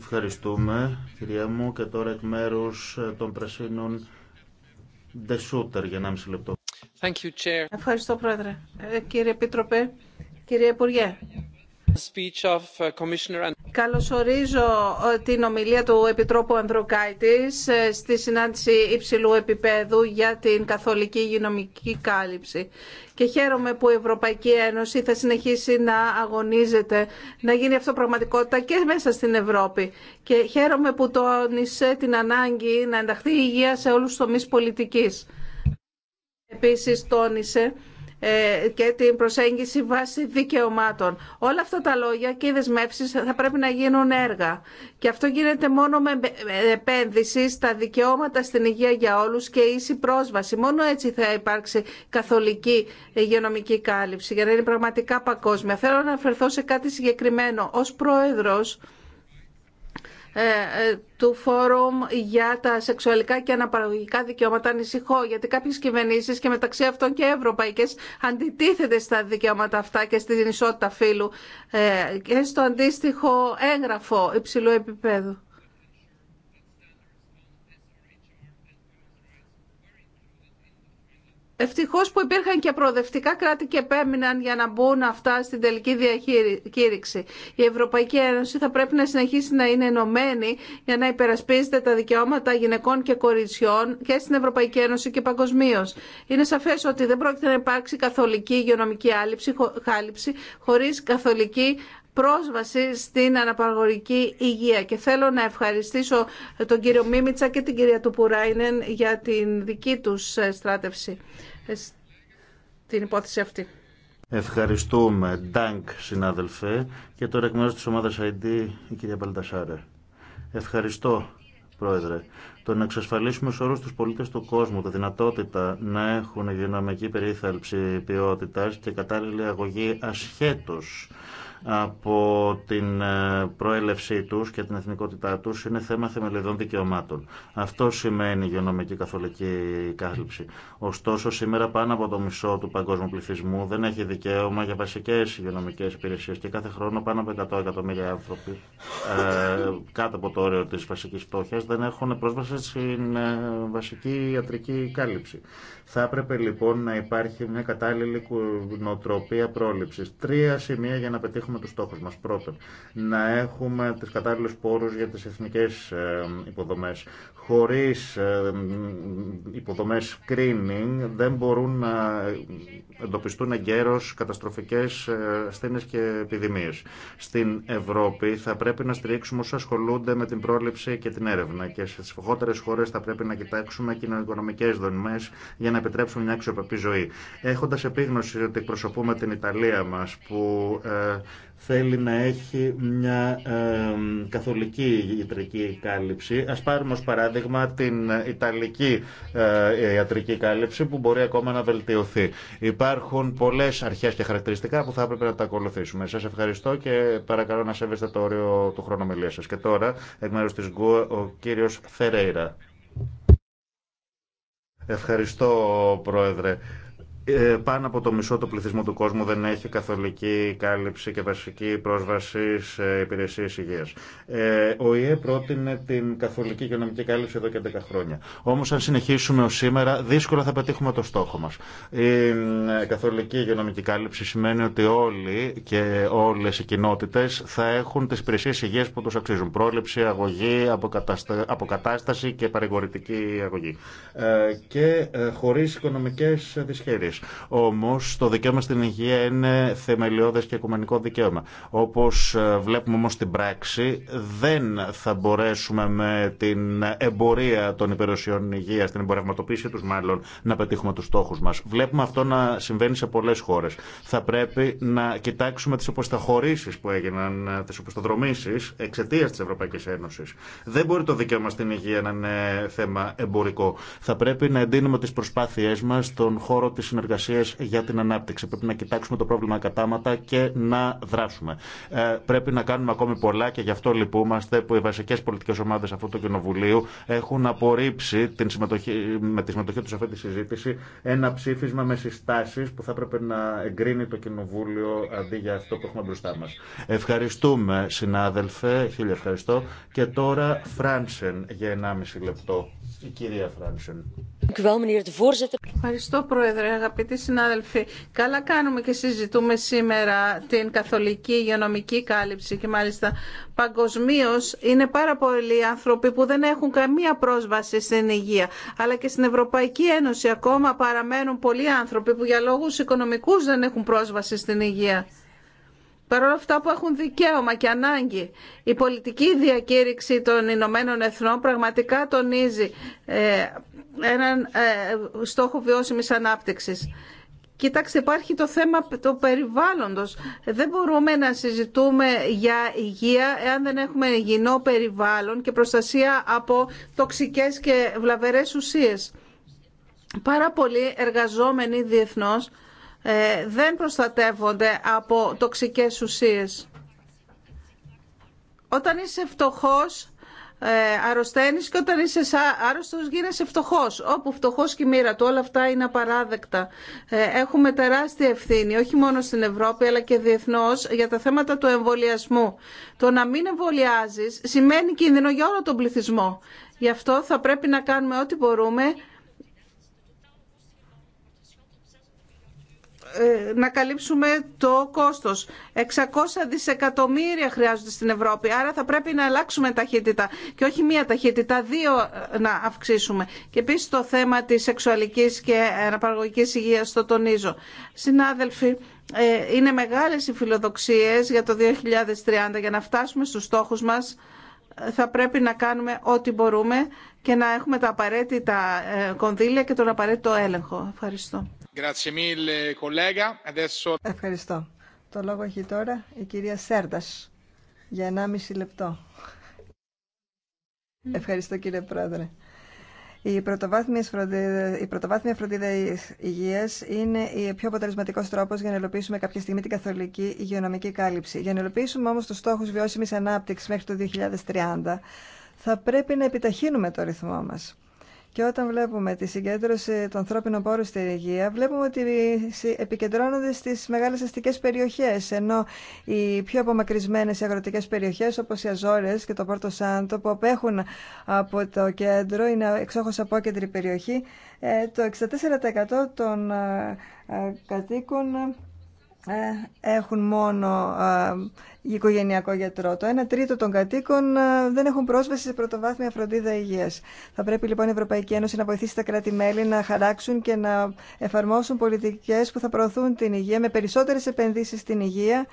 Ευχαριστούμε, κυρία μου, και τώρα εκ μέρου των Πρασίνων Ντεσούτερ για 1,5 λεπτό. Thank you, Chair. Ευχαριστώ, Πρόεδρε. Ε, κύριε Επίτροπε, κύριε Υπουργέ, Uh, Καλωσορίζω ε, την ομιλία του Επιτρόπου Ανδρουκάητης ε, στη συνάντηση υψηλού επίπεδου για την καθολική υγειονομική κάλυψη. Και χαίρομαι που η Ευρωπαϊκή Ένωση θα συνεχίσει να αγωνίζεται να γίνει αυτό πραγματικότητα και μέσα στην Ευρώπη. Και χαίρομαι που τόνισε την ανάγκη να ενταχθεί η υγεία σε όλους τους τομείς πολιτικής. Επίσης τόνισε ε, και την προσέγγιση βάσει δικαιωμάτων. Όλα αυτά τα λόγια και οι δεσμεύσει θα πρέπει να γίνουν έργα. Και αυτό γίνεται μόνο με ε, επένδυση στα δικαιώματα στην υγεία για όλους και ίση πρόσβαση. Μόνο έτσι θα υπάρξει καθολική υγειονομική κάλυψη για να είναι πραγματικά παγκόσμια. Θέλω να αφαιρθώ σε κάτι συγκεκριμένο. ω πρόεδρο. Ε, ε, του Φόρουμ για τα σεξουαλικά και αναπαραγωγικά δικαιώματα ανησυχώ, γιατί κάποιε κυβερνήσει και μεταξύ αυτών και ευρωπαϊκέ αντιτίθεται στα δικαιώματα αυτά και στην ισότητα φύλου ε, και στο αντίστοιχο έγγραφο υψηλού επίπεδου. Ευτυχώ που υπήρχαν και προοδευτικά κράτη και επέμειναν για να μπουν αυτά στην τελική διακήρυξη. Η Ευρωπαϊκή Ένωση θα πρέπει να συνεχίσει να είναι ενωμένη για να υπερασπίζεται τα δικαιώματα γυναικών και κοριτσιών και στην Ευρωπαϊκή Ένωση και παγκοσμίω. Είναι σαφέ ότι δεν πρόκειται να υπάρξει καθολική υγειονομική χάλυψη χωρί καθολική πρόσβαση στην αναπαραγωγική υγεία. Και θέλω να ευχαριστήσω τον κύριο Μίμητσα και την κυρία Τουπουράινεν για την δική τους ε, στράτευση ε, την υπόθεση αυτή. Ευχαριστούμε, Ντάγκ, συνάδελφε. Και τώρα εκ μέρους της ομάδας ID, η κυρία Παλτασάρε. Ευχαριστώ, Πρόεδρε. Το να εξασφαλίσουμε σε όλου του πολίτε του κόσμου τη δυνατότητα να έχουν υγειονομική περίθαλψη ποιότητα και κατάλληλη αγωγή ασχέτω από την ε, προέλευσή τους και την εθνικότητά του είναι θέμα θεμελιδών δικαιωμάτων. Αυτό σημαίνει υγειονομική καθολική κάλυψη. Ωστόσο, σήμερα πάνω από το μισό του παγκόσμιου πληθυσμού δεν έχει δικαίωμα για βασικές υγειονομικές υπηρεσίες και κάθε χρόνο πάνω από 100 εκατομμύρια άνθρωποι ε, κάτω από το όριο της βασικής φτώχειας δεν έχουν πρόσβαση στην ε, βασική ιατρική κάλυψη. Θα έπρεπε λοιπόν να υπάρχει μια κατάλληλη νοοτροπία πρόληψης. Τρία σημεία για να πετύχουμε με τους στόχους μας. Πρώτον, να έχουμε τις κατάλληλες πόρους για τις εθνικές ε, υποδομές. Χωρίς ε, υποδομές screening δεν μπορούν να εντοπιστούν εγκαίρως καταστροφικές ε, ασθένειες και επιδημίες. Στην Ευρώπη θα πρέπει να στηρίξουμε όσους ασχολούνται με την πρόληψη και την έρευνα και στις φοχότερες χώρες θα πρέπει να κοιτάξουμε κοινωνικονομικές δονημές για να επιτρέψουμε μια αξιοπαπή ζωή. Έχοντας επίγνωση ότι εκπροσωπούμε την Ιταλία μας που θέλει να έχει μια καθολική ιατρική κάλυψη. Ας πάρουμε ως παράδειγμα την Ιταλική ε, ιατρική κάλυψη που μπορεί ακόμα να βελτιωθεί. Υπάρχουν πολλές αρχές και χαρακτηριστικά που θα έπρεπε να τα ακολουθήσουμε. Σας ευχαριστώ και παρακαλώ να σέβεστε το όριο του χρονομιλίας σας. Και τώρα, εκ μέρους της ΓΚΟ, ο κύριος Θερέιρα. Ευχαριστώ, Πρόεδρε. Ε, πάνω από το μισό του πληθυσμού του κόσμου δεν έχει καθολική κάλυψη και βασική πρόσβαση σε υπηρεσίες υγείας. Ε, ο ΙΕ πρότεινε την καθολική υγειονομική κάλυψη εδώ και 10 χρόνια. Όμως αν συνεχίσουμε ως σήμερα δύσκολα θα πετύχουμε το στόχο μας. Η ε, καθολική υγειονομική κάλυψη σημαίνει ότι όλοι και όλες οι κοινότητες θα έχουν τις υπηρεσίες υγείας που τους αξίζουν. Πρόληψη, αγωγή, αποκατάσταση και παρηγορητική αγωγή. και χωρίς οικονομικές δυσχέρειες. Όμω το δικαίωμα στην υγεία είναι θεμελιώδε και οικουμενικό δικαίωμα. Όπω ε, βλέπουμε όμω στην πράξη, δεν θα μπορέσουμε με την εμπορία των υπηρεσιών υγεία, την εμπορευματοποίησή του μάλλον, να πετύχουμε του στόχου μα. Βλέπουμε αυτό να συμβαίνει σε πολλέ χώρε. Θα πρέπει να κοιτάξουμε τι αποσταχωρήσει που έγιναν, ε, τι αποσταδρομήσει εξαιτία τη Ευρωπαϊκή Ένωση. Δεν μπορεί το δικαίωμα στην υγεία να είναι θέμα εμπορικό. Θα πρέπει να εντείνουμε τι προσπάθειέ μα στον χώρο τη συνεργασία για την ανάπτυξη. Πρέπει να κοιτάξουμε το πρόβλημα κατάματα και να δράσουμε. Ε, πρέπει να κάνουμε ακόμη πολλά και γι' αυτό λυπούμαστε που οι βασικέ πολιτικέ ομάδε αυτού του Κοινοβουλίου έχουν απορρίψει την συμμετοχή, με τη συμμετοχή του σε αυτή τη συζήτηση ένα ψήφισμα με συστάσει που θα έπρεπε να εγκρίνει το Κοινοβούλιο αντί για αυτό που έχουμε μπροστά μα. Ευχαριστούμε, συνάδελφε. Χίλια ευχαριστώ. Και τώρα Φράνσεν για 1,5 λεπτό. Η κυρία Φράνσεν. Ευχαριστώ, Πρόεδρε, αγαπητοί συνάδελφοι, καλά κάνουμε και συζητούμε σήμερα την καθολική υγειονομική κάλυψη και μάλιστα παγκοσμίω είναι πάρα πολλοί άνθρωποι που δεν έχουν καμία πρόσβαση στην υγεία. Αλλά και στην Ευρωπαϊκή Ένωση ακόμα παραμένουν πολλοί άνθρωποι που για λόγους οικονομικούς δεν έχουν πρόσβαση στην υγεία. Παρ' όλα αυτά που έχουν δικαίωμα και ανάγκη, η πολιτική διακήρυξη των Ηνωμένων Εθνών πραγματικά τονίζει ε, έναν ε, στόχο βιώσιμης ανάπτυξης. Κοιτάξτε, υπάρχει το θέμα το περιβάλλοντος. Δεν μπορούμε να συζητούμε για υγεία εάν δεν έχουμε υγιεινό περιβάλλον και προστασία από τοξικές και βλαβερές ουσίες. Πάρα πολλοί εργαζόμενοι διεθνώς ε, δεν προστατεύονται από τοξικές ουσίες. Όταν είσαι φτωχός ε, αρρωσταίνεις και όταν είσαι άρρωστος γίνεσαι φτωχό. Όπου φτωχό και η μοίρα του, όλα αυτά είναι απαράδεκτα. Ε, έχουμε τεράστια ευθύνη, όχι μόνο στην Ευρώπη αλλά και διεθνώς, για τα θέματα του εμβολιασμού. Το να μην εμβολιάζει σημαίνει κίνδυνο για όλο τον πληθυσμό. Γι' αυτό θα πρέπει να κάνουμε ό,τι μπορούμε Ε, να καλύψουμε το κόστος. 600 δισεκατομμύρια χρειάζονται στην Ευρώπη, άρα θα πρέπει να αλλάξουμε ταχύτητα και όχι μία ταχύτητα, δύο να αυξήσουμε. Και επίση το θέμα της σεξουαλικής και αναπαραγωγικής υγείας το τονίζω. Συνάδελφοι, ε, είναι μεγάλες οι φιλοδοξίες για το 2030 για να φτάσουμε στους στόχους μας ε, θα πρέπει να κάνουμε ό,τι μπορούμε και να έχουμε τα απαραίτητα κονδύλια και τον απαραίτητο έλεγχο. Ευχαριστώ. Ευχαριστώ. Το λόγο έχει τώρα η κυρία Σέρντας για 1,5 λεπτό. Ευχαριστώ κύριε Πρόεδρε. Η πρωτοβάθμια, φροντίδα, η υγεία είναι ο πιο αποτελεσματικό τρόπο για να ελοπίσουμε κάποια στιγμή την καθολική υγειονομική κάλυψη. Για να ελοπίσουμε όμω το στόχου βιώσιμη ανάπτυξη μέχρι το 2030, θα πρέπει να επιταχύνουμε το ρυθμό μας. Και όταν βλέπουμε τη συγκέντρωση των ανθρώπινων πόρων στη Ρηγία, βλέπουμε ότι επικεντρώνονται στις μεγάλες αστικές περιοχές, ενώ οι πιο απομακρυσμένε αγροτικέ αγροτικές περιοχές, όπως οι Αζόρες και το Πόρτο Σάντο, που απέχουν από το κέντρο, είναι εξόχως απόκεντρη περιοχή, ε, το 64% των ε, ε, κατοίκων ε, έχουν μόνο ε, οικογενειακό γιατρό. Το 1 τρίτο των κατοίκων ε, δεν έχουν πρόσβαση σε πρωτοβάθμια φροντίδα υγεία. Θα πρέπει λοιπόν η Ευρωπαϊκή Ένωση να βοηθήσει τα κράτη-μέλη να χαράξουν και να εφαρμόσουν πολιτικέ που θα προωθούν την υγεία με περισσότερε επενδύσει στην υγεία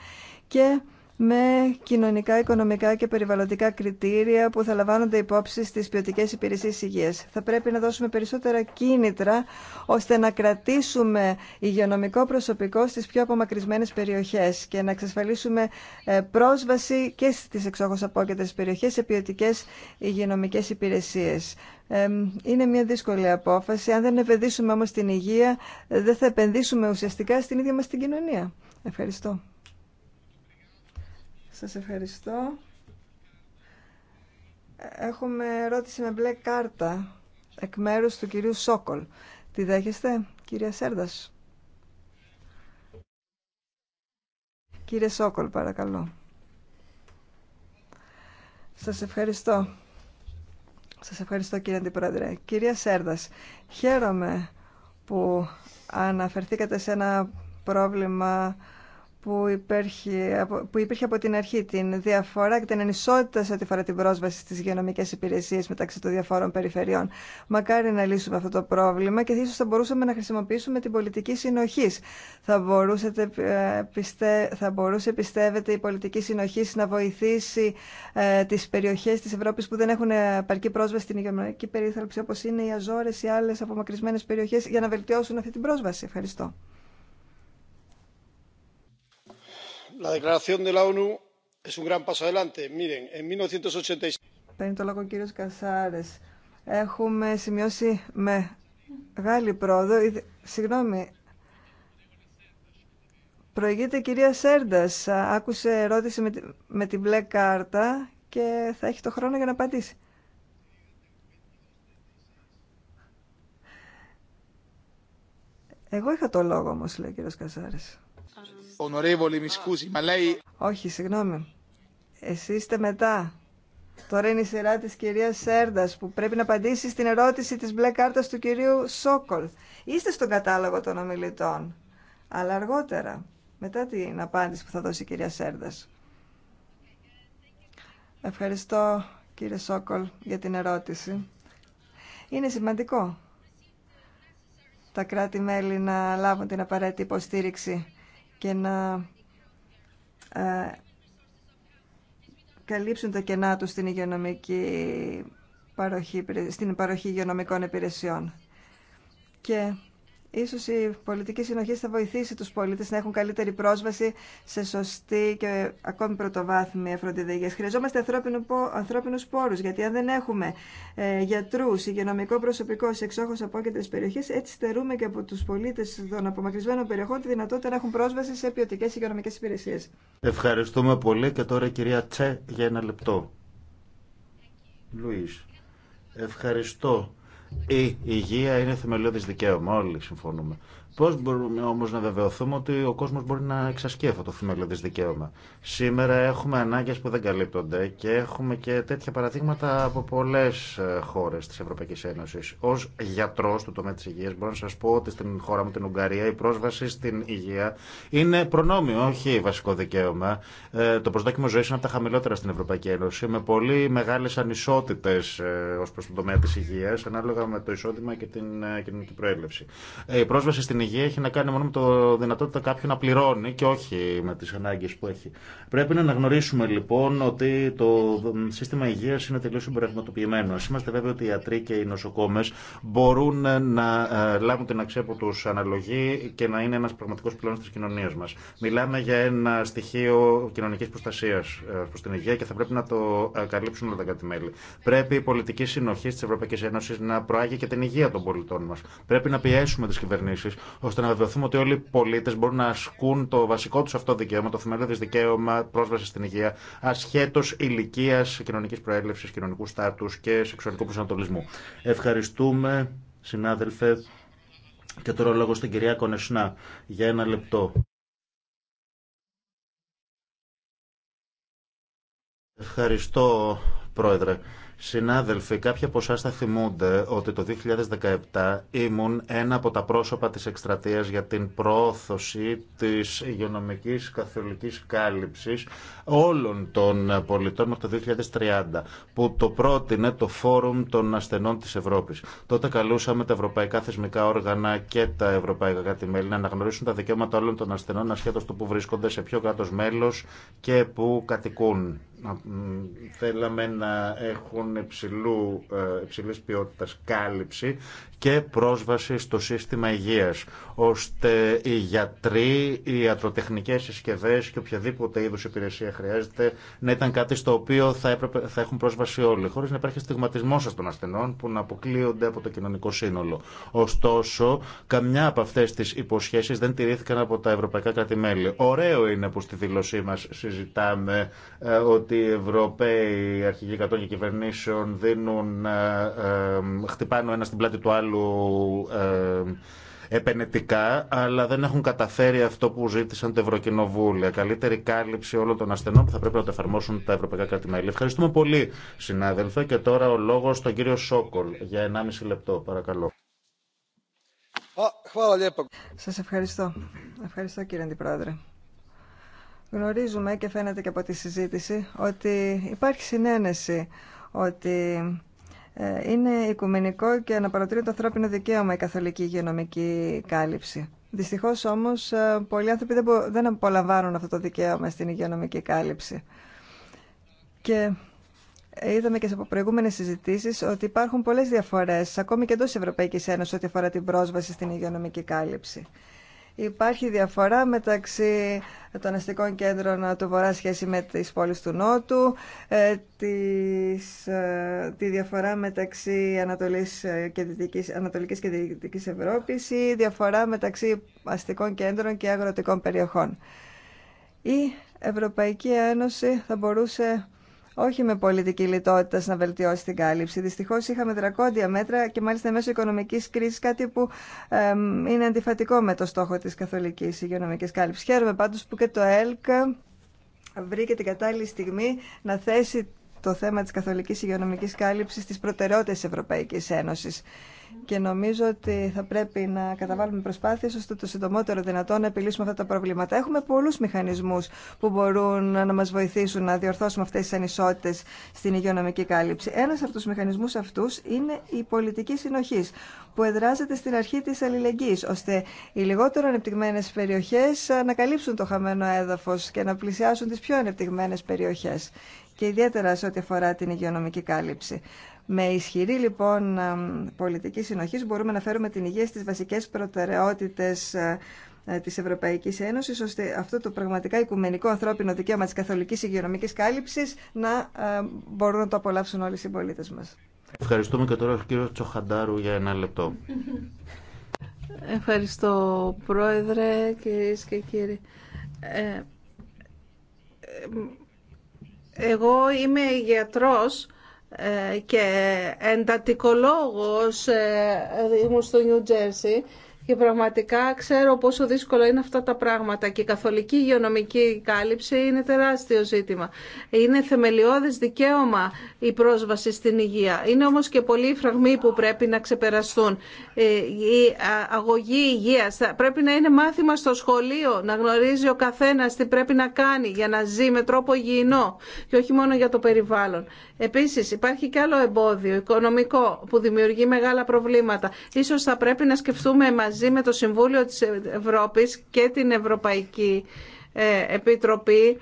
και με κοινωνικά, οικονομικά και περιβαλλοντικά κριτήρια που θα λαμβάνονται υπόψη στις ποιοτικέ υπηρεσίε υγείας. Θα πρέπει να δώσουμε περισσότερα κίνητρα ώστε να κρατήσουμε υγειονομικό προσωπικό στι πιο απομακρυσμένε περιοχέ και να εξασφαλίσουμε ε, πρόσβαση και στι εξόχω απόκεντρες περιοχέ σε ποιοτικέ υγειονομικές υπηρεσίε. Είναι μια δύσκολη απόφαση. Αν δεν επενδύσουμε όμω την υγεία, ε, δεν θα επενδύσουμε ουσιαστικά στην ίδια μα την κοινωνία. Ευχαριστώ. Σας ευχαριστώ. Έχουμε ερώτηση με μπλε κάρτα εκ μέρους του κυρίου Σόκολ. Τη δέχεστε, κυρία Σέρδας. Κύριε Σόκολ, παρακαλώ. Σας ευχαριστώ. Σας ευχαριστώ κύριε Αντιπρόεδρε. Κυρία Σέρδας, χαίρομαι που αναφερθήκατε σε ένα πρόβλημα που υπήρχε, που υπήρχε από την αρχή, την διαφορά και την ανισότητα σε ό,τι αφορά την πρόσβαση στις υγειονομικές υπηρεσίες μεταξύ των διαφόρων περιφερειών. Μακάρι να λύσουμε αυτό το πρόβλημα και ίσως θα μπορούσαμε να χρησιμοποιήσουμε την πολιτική συνοχή. Θα, μπορούσατε, ε, πιστε, θα μπορούσε, πιστεύετε, η πολιτική συνοχή να βοηθήσει ε, τις περιοχές της Ευρώπης που δεν έχουν παρκή πρόσβαση στην υγειονομική περίθαλψη όπως είναι οι Αζόρες ή άλλες απομακρυσμένες περιοχές για να βελτιώσουν αυτή την πρόσβαση. Ευχαριστώ. La declaración de la ONU es un gran paso adelante. Miren, en 1986. Παίρνει το λόγο ο κύριο Κασάρε. Έχουμε σημειώσει με μεγάλη πρόοδο. Συγγνώμη, προηγείται η κυρία Σέρντα. Άκουσε ερώτηση με, με την μπλε κάρτα και θα έχει το χρόνο για να απαντήσει. Εγώ είχα το λόγο όμως, λέει ο κύριος Κασάρης. Όχι, συγγνώμη. Εσείς είστε μετά. Τώρα είναι η σειρά της κυρίας Σέρδας που πρέπει να απαντήσει στην ερώτηση της μπλε κάρτας του κυρίου Σόκολ. Είστε στον κατάλογο των ομιλητών, αλλά αργότερα, μετά την απάντηση που θα δώσει η κυρία Σέρδας. Ευχαριστώ κύριε Σόκολ για την ερώτηση. Είναι σημαντικό τα κράτη-μέλη να λάβουν την απαραίτητη υποστήριξη και να ε, καλύψουν τα κενά τους στην υγειονομική παροχή, στην παροχή υγειονομικών υπηρεσιών. Και Ίσως η πολιτική συνοχή θα βοηθήσει τους πολίτες να έχουν καλύτερη πρόσβαση σε σωστή και ακόμη πρωτοβάθμια φροντίδα Χρειαζόμαστε ανθρώπινους πόρους, γιατί αν δεν έχουμε ε, γιατρούς, υγειονομικό προσωπικό σε εξόχως απόκεντρες περιοχές, έτσι στερούμε και από τους πολίτες των απομακρυσμένων περιοχών τη δυνατότητα να έχουν πρόσβαση σε ποιοτικέ υγειονομικέ υπηρεσίε. Ευχαριστούμε πολύ και τώρα κυρία Τσε για ένα λεπτό. Λουίς, ευχαριστώ. Η υγεία είναι θεμελιώδης δικαίωμα, όλοι συμφωνούμε. Πώ μπορούμε όμω να βεβαιωθούμε ότι ο κόσμο μπορεί να εξασκεί αυτό το θεμελιώδε δικαίωμα. Σήμερα έχουμε ανάγκε που δεν καλύπτονται και έχουμε και τέτοια παραδείγματα από πολλέ ε, χώρε τη Ευρωπαϊκή Ένωση. Ω γιατρό του τομέα τη υγεία, μπορώ να σα πω ότι στην χώρα μου, την Ουγγαρία, η πρόσβαση στην υγεία είναι προνόμιο, όχι βασικό δικαίωμα. Ε, το προσδόκιμο ζωή είναι από τα χαμηλότερα στην Ευρωπαϊκή Ένωση, με πολύ μεγάλε ανισότητε ε, ω προ τον τομέα τη υγεία, ανάλογα με το εισόδημα και την κοινωνική προέλευση. Η πρόσβαση στην υγεία έχει να κάνει μόνο με το δυνατότητα κάποιου να πληρώνει και όχι με τις ανάγκες που έχει. Πρέπει να αναγνωρίσουμε λοιπόν ότι το σύστημα υγείας είναι τελείως συμπερασματοποιημένο. Ας είμαστε βέβαιοι ότι οι ιατροί και οι νοσοκόμες μπορούν να ε, λάβουν την αξία που του αναλογεί και να είναι ένας πραγματικός πλέον της κοινωνίας μας. Μιλάμε για ένα στοιχείο κοινωνικής προστασία ε, προς την υγεία και θα πρέπει να το ε, καλύψουν όλα τα κατημέλη. Πρέπει η πολιτική συνοχή της Ευρωπαϊκής Ένωσης να προάγει και την υγεία των πολιτών μας. Πρέπει να πιέσουμε τις κυβερνήσεις ώστε να βεβαιωθούμε ότι όλοι οι πολίτε μπορούν να ασκούν το βασικό του αυτό δικαίωμα, το θεμελιώδε δικαίωμα πρόσβαση στην υγεία, ασχέτω ηλικία, κοινωνική προέλευση, κοινωνικού στάτου και σεξουαλικού προσανατολισμού. Ευχαριστούμε, συνάδελφε. Και τώρα λόγο στην κυρία Κονεσνά για ένα λεπτό. Ευχαριστώ, Πρόεδρε. Συνάδελφοι, κάποιοι από εσά θα θυμούνται ότι το 2017 ήμουν ένα από τα πρόσωπα της εκστρατεία για την πρόθωση της υγειονομική καθολικής κάλυψης όλων των πολιτών μέχρι το 2030, που το πρότεινε το Φόρουμ των Ασθενών της Ευρώπης. Τότε καλούσαμε τα ευρωπαϊκά θεσμικά όργανα και τα ευρωπαϊκά κράτη-μέλη να αναγνωρίσουν τα δικαιώματα όλων των ασθενών ασχέτως του που βρίσκονται σε ποιο κράτος μέλος και που κατοικούν Θέλαμε να έχουν υψηλού, ε, υψηλής ποιότητας κάλυψη και πρόσβαση στο σύστημα υγείας, ώστε οι γιατροί, οι ιατροτεχνικές συσκευέ και οποιαδήποτε είδους υπηρεσία χρειάζεται να ήταν κάτι στο οποίο θα, έπρεπε, θα έχουν πρόσβαση όλοι, χωρίς να υπάρχει στιγματισμός των ασθενών που να αποκλείονται από το κοινωνικό σύνολο. Ωστόσο, καμιά από αυτές τις υποσχέσεις δεν τηρήθηκαν από τα ευρωπαϊκά κράτη-μέλη. Ωραίο είναι που στη δήλωσή μας συζητάμε ε, ότι οι Ευρωπαίοι αρχηγοί κατών και κυβερνήσεων δίνουν, ε, ε, χτυπάνε ένα στην πλάτη του άλλου ε, επενετικά, αλλά δεν έχουν καταφέρει αυτό που ζήτησαν το Ευρωκοινοβούλιο. Καλύτερη κάλυψη όλων των ασθενών που θα πρέπει να το εφαρμόσουν τα ευρωπαικα κρατημέλη. Ευχαριστούμε πολύ, συνάδελφε. Και τώρα ο λόγο στον κύριο Σόκολ για 1,5 λεπτό, παρακαλώ. Σα ευχαριστώ. Ευχαριστώ, κύριε Αντιπρόεδρε. Γνωρίζουμε και φαίνεται και από τη συζήτηση ότι υπάρχει συνένεση ότι ε, είναι οικουμενικό και αναπαρατηρεί το ανθρώπινο δικαίωμα η καθολική υγειονομική κάλυψη. Δυστυχώ όμω, ε, πολλοί άνθρωποι δεν απολαμβάνουν αυτό το δικαίωμα στην υγειονομική κάλυψη. Και είδαμε και από προηγούμενε συζητήσει ότι υπάρχουν πολλέ διαφορέ, ακόμη και εντό Ευρωπαϊκή Ένωση, ό,τι αφορά την πρόσβαση στην υγειονομική κάλυψη υπάρχει διαφορά μεταξύ των αστικών κέντρων του Βορρά σχέση με τις πόλεις του Νότου, ε, ε, τη διαφορά μεταξύ Ανατολής ε, και Δυτικής, Ανατολικής και Δυτικής Ευρώπης ή διαφορά μεταξύ αστικών κέντρων και αγροτικών περιοχών. Η Ευρωπαϊκή Ένωση θα μπορούσε όχι με πολιτική λιτότητα να βελτιώσει την κάλυψη. Δυστυχώ είχαμε δρακόντια μέτρα και μάλιστα μέσω οικονομική κρίση, κάτι που είναι αντιφατικό με το στόχο τη καθολική υγειονομική κάλυψη. Χαίρομαι πάντω που και το ΕΛΚ βρήκε την κατάλληλη στιγμή να θέσει το θέμα της καθολικής υγειονομικής κάλυψης στις προτεραιότητες της Ευρωπαϊκής Ένωσης. Και νομίζω ότι θα πρέπει να καταβάλουμε προσπάθειες ώστε το συντομότερο δυνατό να επιλύσουμε αυτά τα προβλήματα. Έχουμε πολλούς μηχανισμούς που μπορούν να μας βοηθήσουν να διορθώσουμε αυτές τις ανισότητες στην υγειονομική κάλυψη. Ένας από τους μηχανισμούς αυτούς είναι η πολιτική συνοχή που εδράζεται στην αρχή της αλληλεγγύης ώστε οι λιγότερο ανεπτυγμένε περιοχές να καλύψουν το χαμένο έδαφος και να πλησιάσουν τις πιο ανεπτυγμένε περιοχές και ιδιαίτερα σε ό,τι αφορά την υγειονομική κάλυψη. Με ισχυρή λοιπόν πολιτική συνοχή μπορούμε να φέρουμε την υγεία στις βασικές προτεραιότητες ε, ε, τη Ευρωπαϊκή Ένωση, ώστε αυτό το πραγματικά οικουμενικό ανθρώπινο δικαίωμα τη καθολικής υγειονομική κάλυψης να ε, μπορούν να το απολαύσουν όλοι οι συμπολίτε μα. Ευχαριστούμε και τώρα ο κύριο Τσοχαντάρου για ένα λεπτό. Ευχαριστώ πρόεδρε κύριε και κύριοι. Εγώ είμαι γιατρός ε, και εντατικολόγος ε, ε, ήμουν στο Νιου Τζέρσι και πραγματικά ξέρω πόσο δύσκολο είναι αυτά τα πράγματα και η καθολική υγειονομική κάλυψη είναι τεράστιο ζήτημα. Είναι θεμελιώδες δικαίωμα η πρόσβαση στην υγεία. Είναι όμως και πολλοί οι φραγμοί που πρέπει να ξεπεραστούν. Ε, η αγωγή υγεία. πρέπει να είναι μάθημα στο σχολείο, να γνωρίζει ο καθένα, τι πρέπει να κάνει για να ζει με τρόπο υγιεινό και όχι μόνο για το περιβάλλον. Επίση, υπάρχει και άλλο εμπόδιο οικονομικό που δημιουργεί μεγάλα προβλήματα. σω θα πρέπει να σκεφτούμε μαζί μαζί με το Συμβούλιο της Ευρώπης και την Ευρωπαϊκή ε, Επιτροπή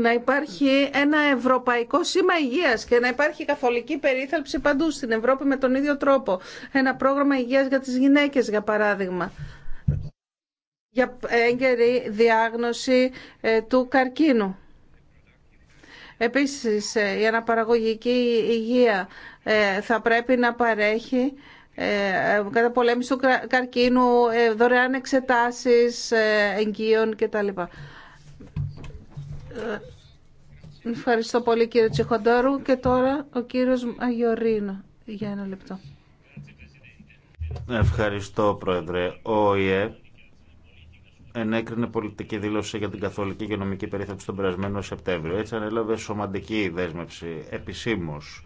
να υπάρχει ένα ευρωπαϊκό σήμα υγεία και να υπάρχει καθολική περίθαλψη παντού στην Ευρώπη με τον ίδιο τρόπο. Ένα πρόγραμμα υγείας για τις γυναίκες, για παράδειγμα. Για έγκαιρη διάγνωση ε, του καρκίνου. Επίσης, ε, η αναπαραγωγική υγεία θα πρέπει να παρέχει ε, ε, κατά πολέμηση του καρκίνου, ε, δωρεάν εξετάσεις εγγύων κτλ. Ευχαριστώ πολύ κύριε Τσιχοντόρου και τώρα ο κύριος Αγιορίνο για ένα λεπτό. Ευχαριστώ πρόεδρε. Ο ΙΕ ενέκρινε πολιτική δήλωση για την καθολική και νομική περίθαψη τον περασμένο Σεπτέμβριο. Έτσι ανέλαβε σωματική δέσμευση επισήμως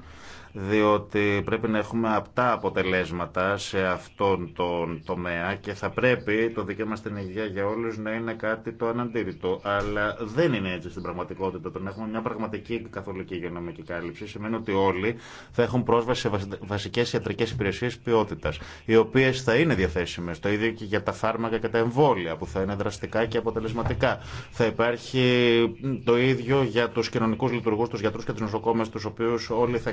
διότι πρέπει να έχουμε απτά αποτελέσματα σε αυτόν τον τομέα και θα πρέπει το δικαίωμα στην υγεία για όλους να είναι κάτι το αναντήρητο. Αλλά δεν είναι έτσι στην πραγματικότητα. Το να έχουμε μια πραγματική καθολική υγειονομική κάλυψη σημαίνει ότι όλοι θα έχουν πρόσβαση σε βασικές ιατρικές υπηρεσίες ποιότητας, οι οποίες θα είναι διαθέσιμες. Το ίδιο και για τα φάρμακα και τα εμβόλια που θα είναι δραστικά και αποτελεσματικά. Θα υπάρχει το ίδιο για τους κοινωνικού λειτουργούς, τους γιατρούς και τους νοσοκόμε, τους οποίους όλοι θα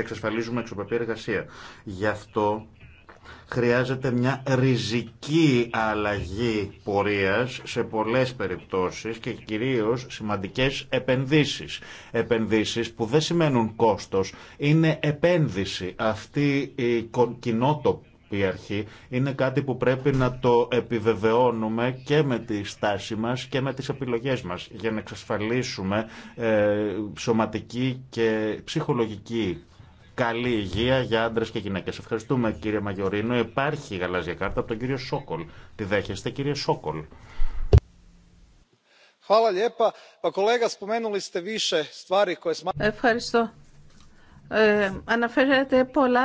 εξασφαλίζουμε εξωπρεπή εργασία. Γι' αυτό χρειάζεται μια ριζική αλλαγή πορείας σε πολλές περιπτώσεις και κυρίως σημαντικές επενδύσεις. Επενδύσεις που δεν σημαίνουν κόστος, είναι επένδυση. Αυτή η κοινότοπη η αρχή είναι κάτι που πρέπει να το επιβεβαιώνουμε και με τη στάση μας και με τις επιλογές μας για να εξασφαλίσουμε ε, σωματική και ψυχολογική καλή υγεία για άντρε και γυναίκε. Ευχαριστούμε κύριε Μαγιορίνο. Υπάρχει γαλάζια κάρτα από τον κύριο Σόκολ. Τη δέχεστε κύριε Σόκολ. Ευχαριστώ. Ε, αναφέρατε πολλά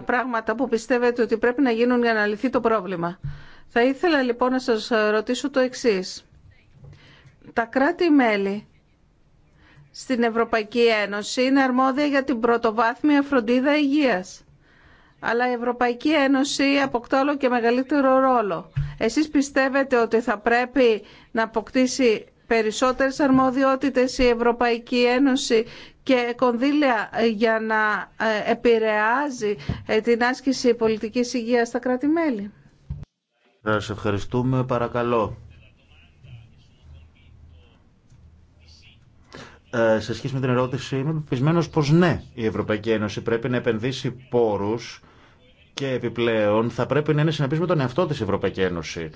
πράγματα που πιστεύετε ότι πρέπει να γίνουν για να λυθεί το πρόβλημα. Θα ήθελα λοιπόν να σας ρωτήσω το εξής. Τα κράτη-μέλη στην Ευρωπαϊκή Ένωση είναι αρμόδια για την πρωτοβάθμια φροντίδα υγείας. Αλλά η Ευρωπαϊκή Ένωση αποκτά όλο και μεγαλύτερο ρόλο. Εσείς πιστεύετε ότι θα πρέπει να αποκτήσει περισσότερες αρμοδιότητες η Ευρωπαϊκή Ένωση και κονδύλια για να ε, επηρεάζει ε, την άσκηση πολιτικής υγείας στα κράτη-μέλη. Σας ευχαριστούμε. Παρακαλώ, Ε, σε σχέση με την ερώτηση, είμαι πεισμένος πω ναι, η Ευρωπαϊκή Ένωση πρέπει να επενδύσει πόρου και επιπλέον θα πρέπει να είναι συνεπής με τον εαυτό της Ευρωπαϊκή Ένωση.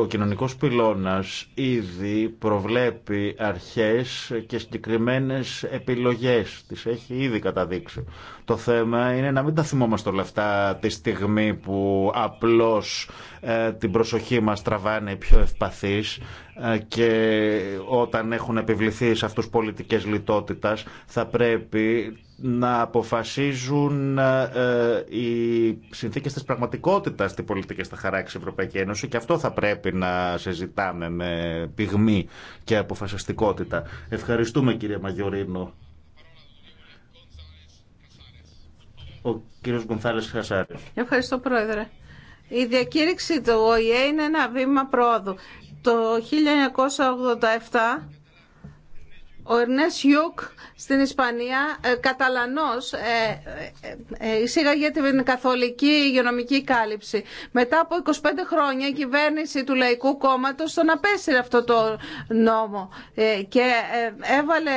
Ο κοινωνικός πυλώνας ήδη προβλέπει αρχές και συγκεκριμένες επιλογές. Τις έχει ήδη καταδείξει. Το θέμα είναι να μην τα θυμόμαστε όλα αυτά τη στιγμή που απλώς ε, την προσοχή μας τραβάνε οι πιο ευπαθείς ε, και όταν έχουν επιβληθεί σε αυτούς πολιτικές λιτότητας θα πρέπει να αποφασίζουν ε, ε, οι συνθήκες της πραγματικότητας τι πολιτική στα χαράξει η Ευρωπαϊκή Ένωση και αυτό θα πρέπει να συζητάμε με πυγμή και αποφασιστικότητα. Ευχαριστούμε κύριε Μαγιορίνο. Ο κύριος Γκονθάλης Χασάρης. Ευχαριστώ πρόεδρε. Η διακήρυξη του ΟΗΕ είναι ένα βήμα πρόοδου. Το 1987 ο Ερνές Ιούκ στην Ισπανία, ε, καταλανός, ε, ε, εισήγαγε την καθολική υγειονομική κάλυψη. Μετά από 25 χρόνια η κυβέρνηση του Λαϊκού Κόμματος τον απέσυρε αυτό το νόμο και έβαλε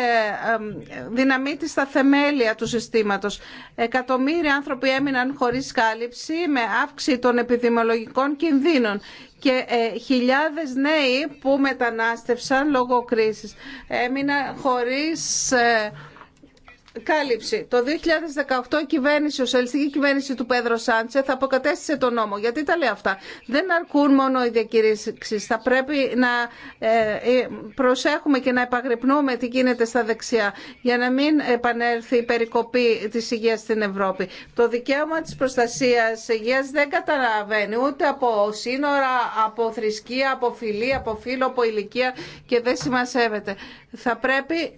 δυναμή της στα θεμέλια του συστήματος. Εκατομμύρια άνθρωποι έμειναν χωρίς κάλυψη με αύξηση των επιδημιολογικών κινδύνων και ε, χιλιάδες νέοι που μετανάστευσαν λόγω κρίσης Έμεινα χωρίς ε, κάλυψη. Το 2018 η κυβέρνηση, η σοσιαλιστική κυβέρνηση του Πέδρο Σάντσε θα αποκατέστησε τον νόμο. Γιατί τα λέει αυτά. Δεν αρκούν μόνο οι διακηρύξει. Θα πρέπει να ε, ε, προσέχουμε και να επαγρυπνούμε τι γίνεται στα δεξιά για να μην επανέλθει η περικοπή τη υγεία στην Ευρώπη. Το δικαίωμα τη προστασία υγεία δεν καταλαβαίνει ούτε από σύνορα, από θρησκεία, από φιλή, από φίλο, από ηλικία και δεν σημασέβεται. Θα πρέπει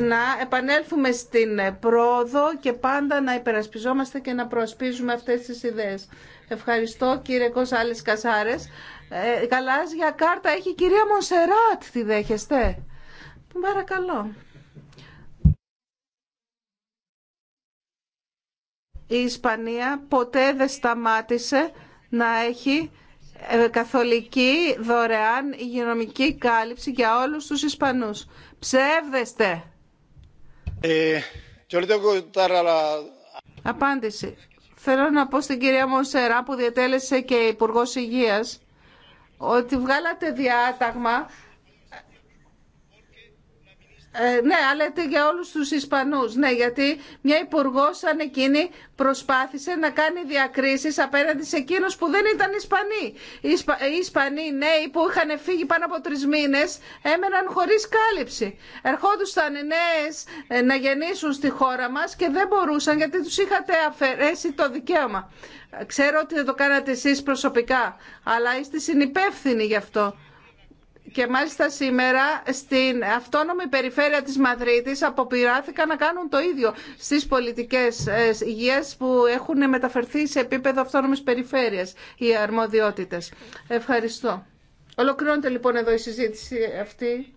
να επανέλθουμε στην πρόοδο και πάντα να υπερασπιζόμαστε και να προασπίζουμε αυτές τις ιδέες. Ευχαριστώ κύριε Κωσάλης Κασάρες. Ε, γαλάζια κάρτα έχει η κυρία Μονσεράτ, τη δέχεστε. Παρακαλώ. Η Ισπανία ποτέ δεν σταμάτησε να έχει ε, καθολική δωρεάν υγειονομική κάλυψη για όλους τους Ισπανούς. Ψεύδεστε. Ε, Απάντηση. Θέλω να πω στην κυρία Μονσερά που διατέλεσε και Υπουργό Υγείας ότι βγάλατε διάταγμα ε, ναι, αλλά για όλους τους Ισπανούς. Ναι, γιατί μια υπουργό σαν εκείνη προσπάθησε να κάνει διακρίσεις απέναντι σε εκείνους που δεν ήταν Ισπανοί. Οι, ε, Ισπανοί νέοι που είχαν φύγει πάνω από τρεις μήνες έμεναν χωρίς κάλυψη. Ερχόντουσαν νέες ε, να γεννήσουν στη χώρα μας και δεν μπορούσαν γιατί τους είχατε αφαιρέσει το δικαίωμα. Ξέρω ότι δεν το κάνατε εσείς προσωπικά, αλλά είστε συνυπεύθυνοι γι' αυτό. Και μάλιστα σήμερα στην αυτόνομη περιφέρεια της Μαδρίτης αποπειράθηκαν να κάνουν το ίδιο στις πολιτικές ε, υγείας που έχουν μεταφερθεί σε επίπεδο αυτόνομης περιφέρειας οι αρμοδιότητες. Ευχαριστώ. Ολοκληρώνεται λοιπόν εδώ η συζήτηση αυτή.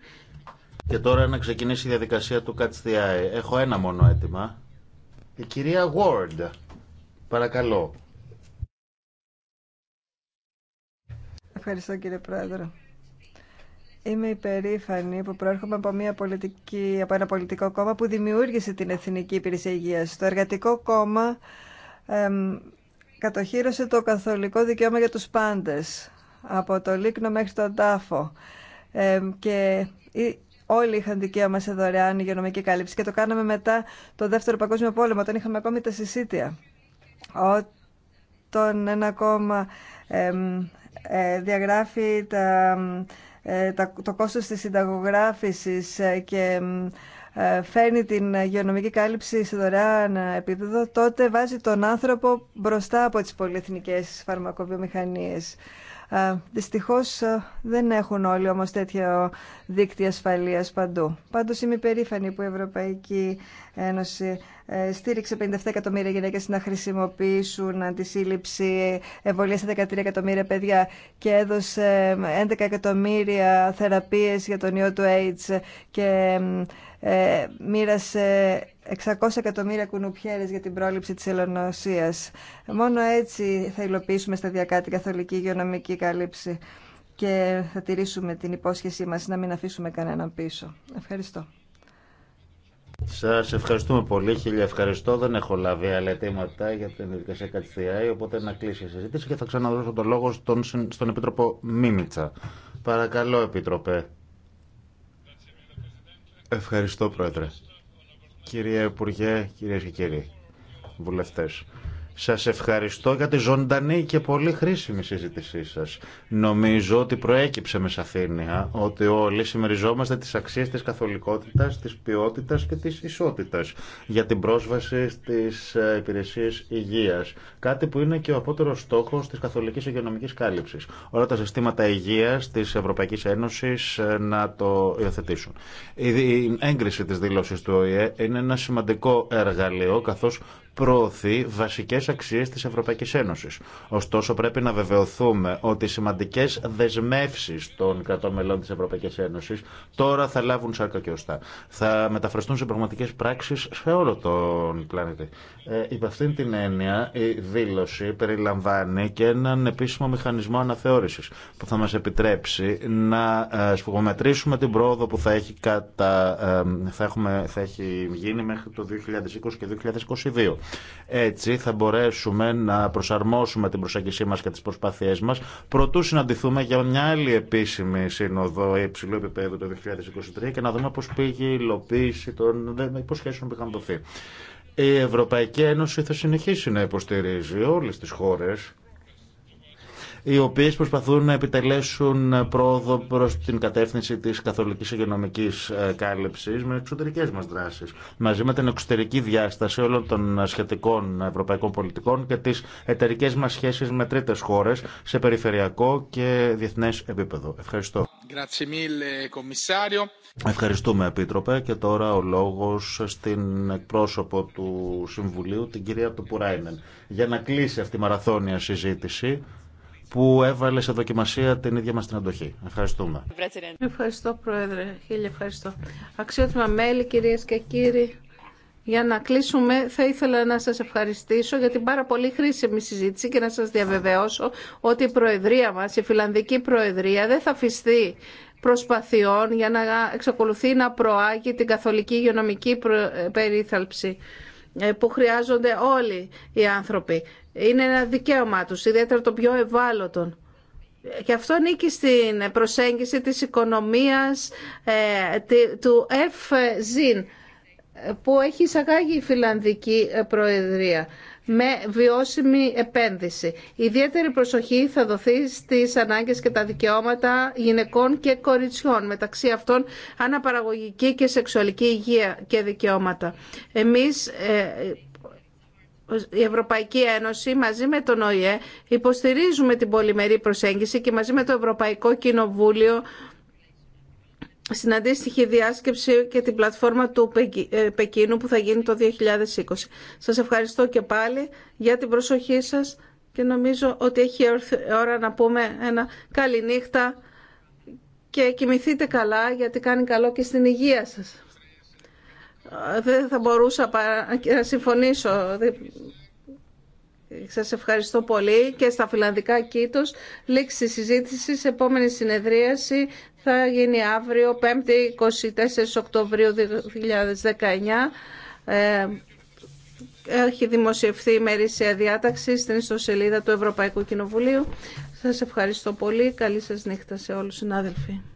Και τώρα να ξεκινήσει η διαδικασία του ΚΑΤΣΤΙΑΕ. Έχω ένα μόνο αίτημα. Η κυρία Ward. Παρακαλώ. Ευχαριστώ κύριε Πρόεδρε. Είμαι υπερήφανη που προέρχομαι από, μια πολιτική, από ένα πολιτικό κόμμα που δημιούργησε την Εθνική Υπηρεσία Υγεία. Το Εργατικό Κόμμα κατοχύρωσε το καθολικό δικαίωμα για τους πάντες, από το Λίκνο μέχρι τον Τάφο. και όλοι είχαν δικαίωμα σε δωρεάν υγειονομική κάλυψη και το κάναμε μετά το Δεύτερο Παγκόσμιο Πόλεμο, όταν είχαμε ακόμη τα συσίτια. Όταν ένα κόμμα ε, διαγράφει τα ε, το κόστος της συνταγογράφησης ε, και ε, φέρνει την υγειονομική κάλυψη σε δωρεάν επίπεδο, τότε βάζει τον άνθρωπο μπροστά από τις πολυεθνικές φαρμακοβιομηχανίες. Δυστυχώς δεν έχουν όλοι όμως τέτοιο δίκτυο ασφαλείας παντού. Πάντως είμαι περήφανη που η Ευρωπαϊκή Ένωση ε, στήριξε 57 εκατομμύρια γυναίκε να χρησιμοποιήσουν αντισύλληψη, εμβολία σε 13 εκατομμύρια παιδιά και έδωσε 11 ε, εκατομμύρια θεραπείες για τον ιό του AIDS και ε, μοίρασε 600 εκατομμύρια κουνουπιέρες για την πρόληψη της ελονοσίας. Μόνο έτσι θα υλοποιήσουμε σταδιακά την καθολική υγειονομική κάλυψη και θα τηρήσουμε την υπόσχεσή μας να μην αφήσουμε κανέναν πίσω. Ευχαριστώ. Σας ευχαριστούμε πολύ. Χίλια ευχαριστώ. Δεν έχω λάβει άλλα για την διαδικασία Κατσιάη, οπότε να κλείσει η συζήτηση και θα ξαναδώσω τον λόγο στον, στον Επίτροπο Μίμητσα. Παρακαλώ, Επίτροπε. Ευχαριστώ, Πρόεδρε. Κύριε Υπουργέ, κυρίε και κύριοι βουλευτές. Σα ευχαριστώ για τη ζωντανή και πολύ χρήσιμη συζήτησή σα. Νομίζω ότι προέκυψε με σαφήνεια ότι όλοι συμμεριζόμαστε τις αξίες τη καθολικότητα, τη ποιότητα και τη ισότητα για την πρόσβαση στις ε, υπηρεσίες υγεία. Κάτι που είναι και ο απότερο στόχο τη καθολική υγειονομική κάλυψης. Όλα τα συστήματα υγεία τη Ευρωπαϊκή Ένωση ε, να το υιοθετήσουν. Η έγκριση τη δήλωσης του ΟΗΕ είναι ένα σημαντικό εργαλείο καθώ προωθεί βασικέ αξίε τη Ευρωπαϊκή Ένωση. Ωστόσο, πρέπει να βεβαιωθούμε ότι οι σημαντικέ δεσμεύσει των κρατών μελών τη Ευρωπαϊκή Ένωση τώρα θα λάβουν σάρκα και ωστά. Θα μεταφραστούν σε πραγματικέ πράξει σε όλο τον πλανήτη. Ε, υπ' αυτήν την έννοια, η δήλωση περιλαμβάνει και έναν επίσημο μηχανισμό αναθεώρηση που θα μα επιτρέψει να ε, σπουγομετρήσουμε την πρόοδο που θα έχει, κατά, ε, θα, έχουμε, θα έχει γίνει μέχρι το 2020 και 2022. Έτσι θα μπορέσουμε να προσαρμόσουμε την προσέγγιση μας και τις προσπάθειές μας προτού συναντηθούμε για μια άλλη επίσημη σύνοδο υψηλού επίπεδου το 2023 και να δούμε πώς πήγε η υλοποίηση των υποσχέσεων που είχαν δοθεί. Η Ευρωπαϊκή Ένωση θα συνεχίσει να υποστηρίζει όλες τις χώρες οι οποίε προσπαθούν να επιτελέσουν πρόοδο προ την κατεύθυνση τη καθολική υγειονομική ε, κάλυψη με εξωτερικέ μα δράσει. Μαζί με την εξωτερική διάσταση όλων των σχετικών ευρωπαϊκών πολιτικών και τι εταιρικέ μα σχέσει με τρίτε χώρε σε περιφερειακό και διεθνέ επίπεδο. Ευχαριστώ. Ευχαριστούμε, Επίτροπε. Και τώρα ο λόγο στην εκπρόσωπο του Συμβουλίου, την κυρία Τουπουράινεν, για να κλείσει αυτή η μαραθώνια συζήτηση που έβαλε σε δοκιμασία την ίδια μας την αντοχή. Ευχαριστούμε. Ευχαριστώ Πρόεδρε. Χίλια ευχαριστώ. Αξιότιμα μέλη κυρίες και κύριοι. Για να κλείσουμε, θα ήθελα να σας ευχαριστήσω για την πάρα πολύ χρήσιμη συζήτηση και να σας διαβεβαιώσω ότι η Προεδρία μας, η Φιλανδική Προεδρία, δεν θα αφιστεί προσπαθειών για να εξακολουθεί να προάγει την καθολική υγειονομική περίθαλψη ε, που χρειάζονται όλοι οι άνθρωποι. Είναι ένα δικαίωμά τους, ιδιαίτερα των πιο ευάλωτων. Και αυτό νίκει στην προσέγγιση της οικονομίας ε, του ΕΦΖΙΝ που έχει εισαγάγει η Φιλανδική Προεδρία με βιώσιμη επένδυση. Ιδιαίτερη προσοχή θα δοθεί στις ανάγκες και τα δικαιώματα γυναικών και κοριτσιών, μεταξύ αυτών αναπαραγωγική και σεξουαλική υγεία και δικαιώματα. Εμείς ε, η Ευρωπαϊκή Ένωση μαζί με τον ΟΗΕ υποστηρίζουμε την πολυμερή προσέγγιση και μαζί με το Ευρωπαϊκό Κοινοβούλιο στην αντίστοιχη διάσκεψη και την πλατφόρμα του ε, Πεκίνου που θα γίνει το 2020. Σας ευχαριστώ και πάλι για την προσοχή σας και νομίζω ότι έχει ώρα να πούμε ένα καλή νύχτα και κοιμηθείτε καλά γιατί κάνει καλό και στην υγεία σας δεν θα μπορούσα να συμφωνήσω. Σας ευχαριστώ πολύ και στα φιλανδικά κήτος. Λήξη τη συζήτηση, επόμενη συνεδρίαση θα γίνει αύριο, 5η 24 Οκτωβρίου 2019. Ε, έχει δημοσιευθεί η μερίσια διάταξη στην ιστοσελίδα του Ευρωπαϊκού Κοινοβουλίου. Σας ευχαριστώ πολύ. Καλή σας νύχτα σε όλους συνάδελφοι.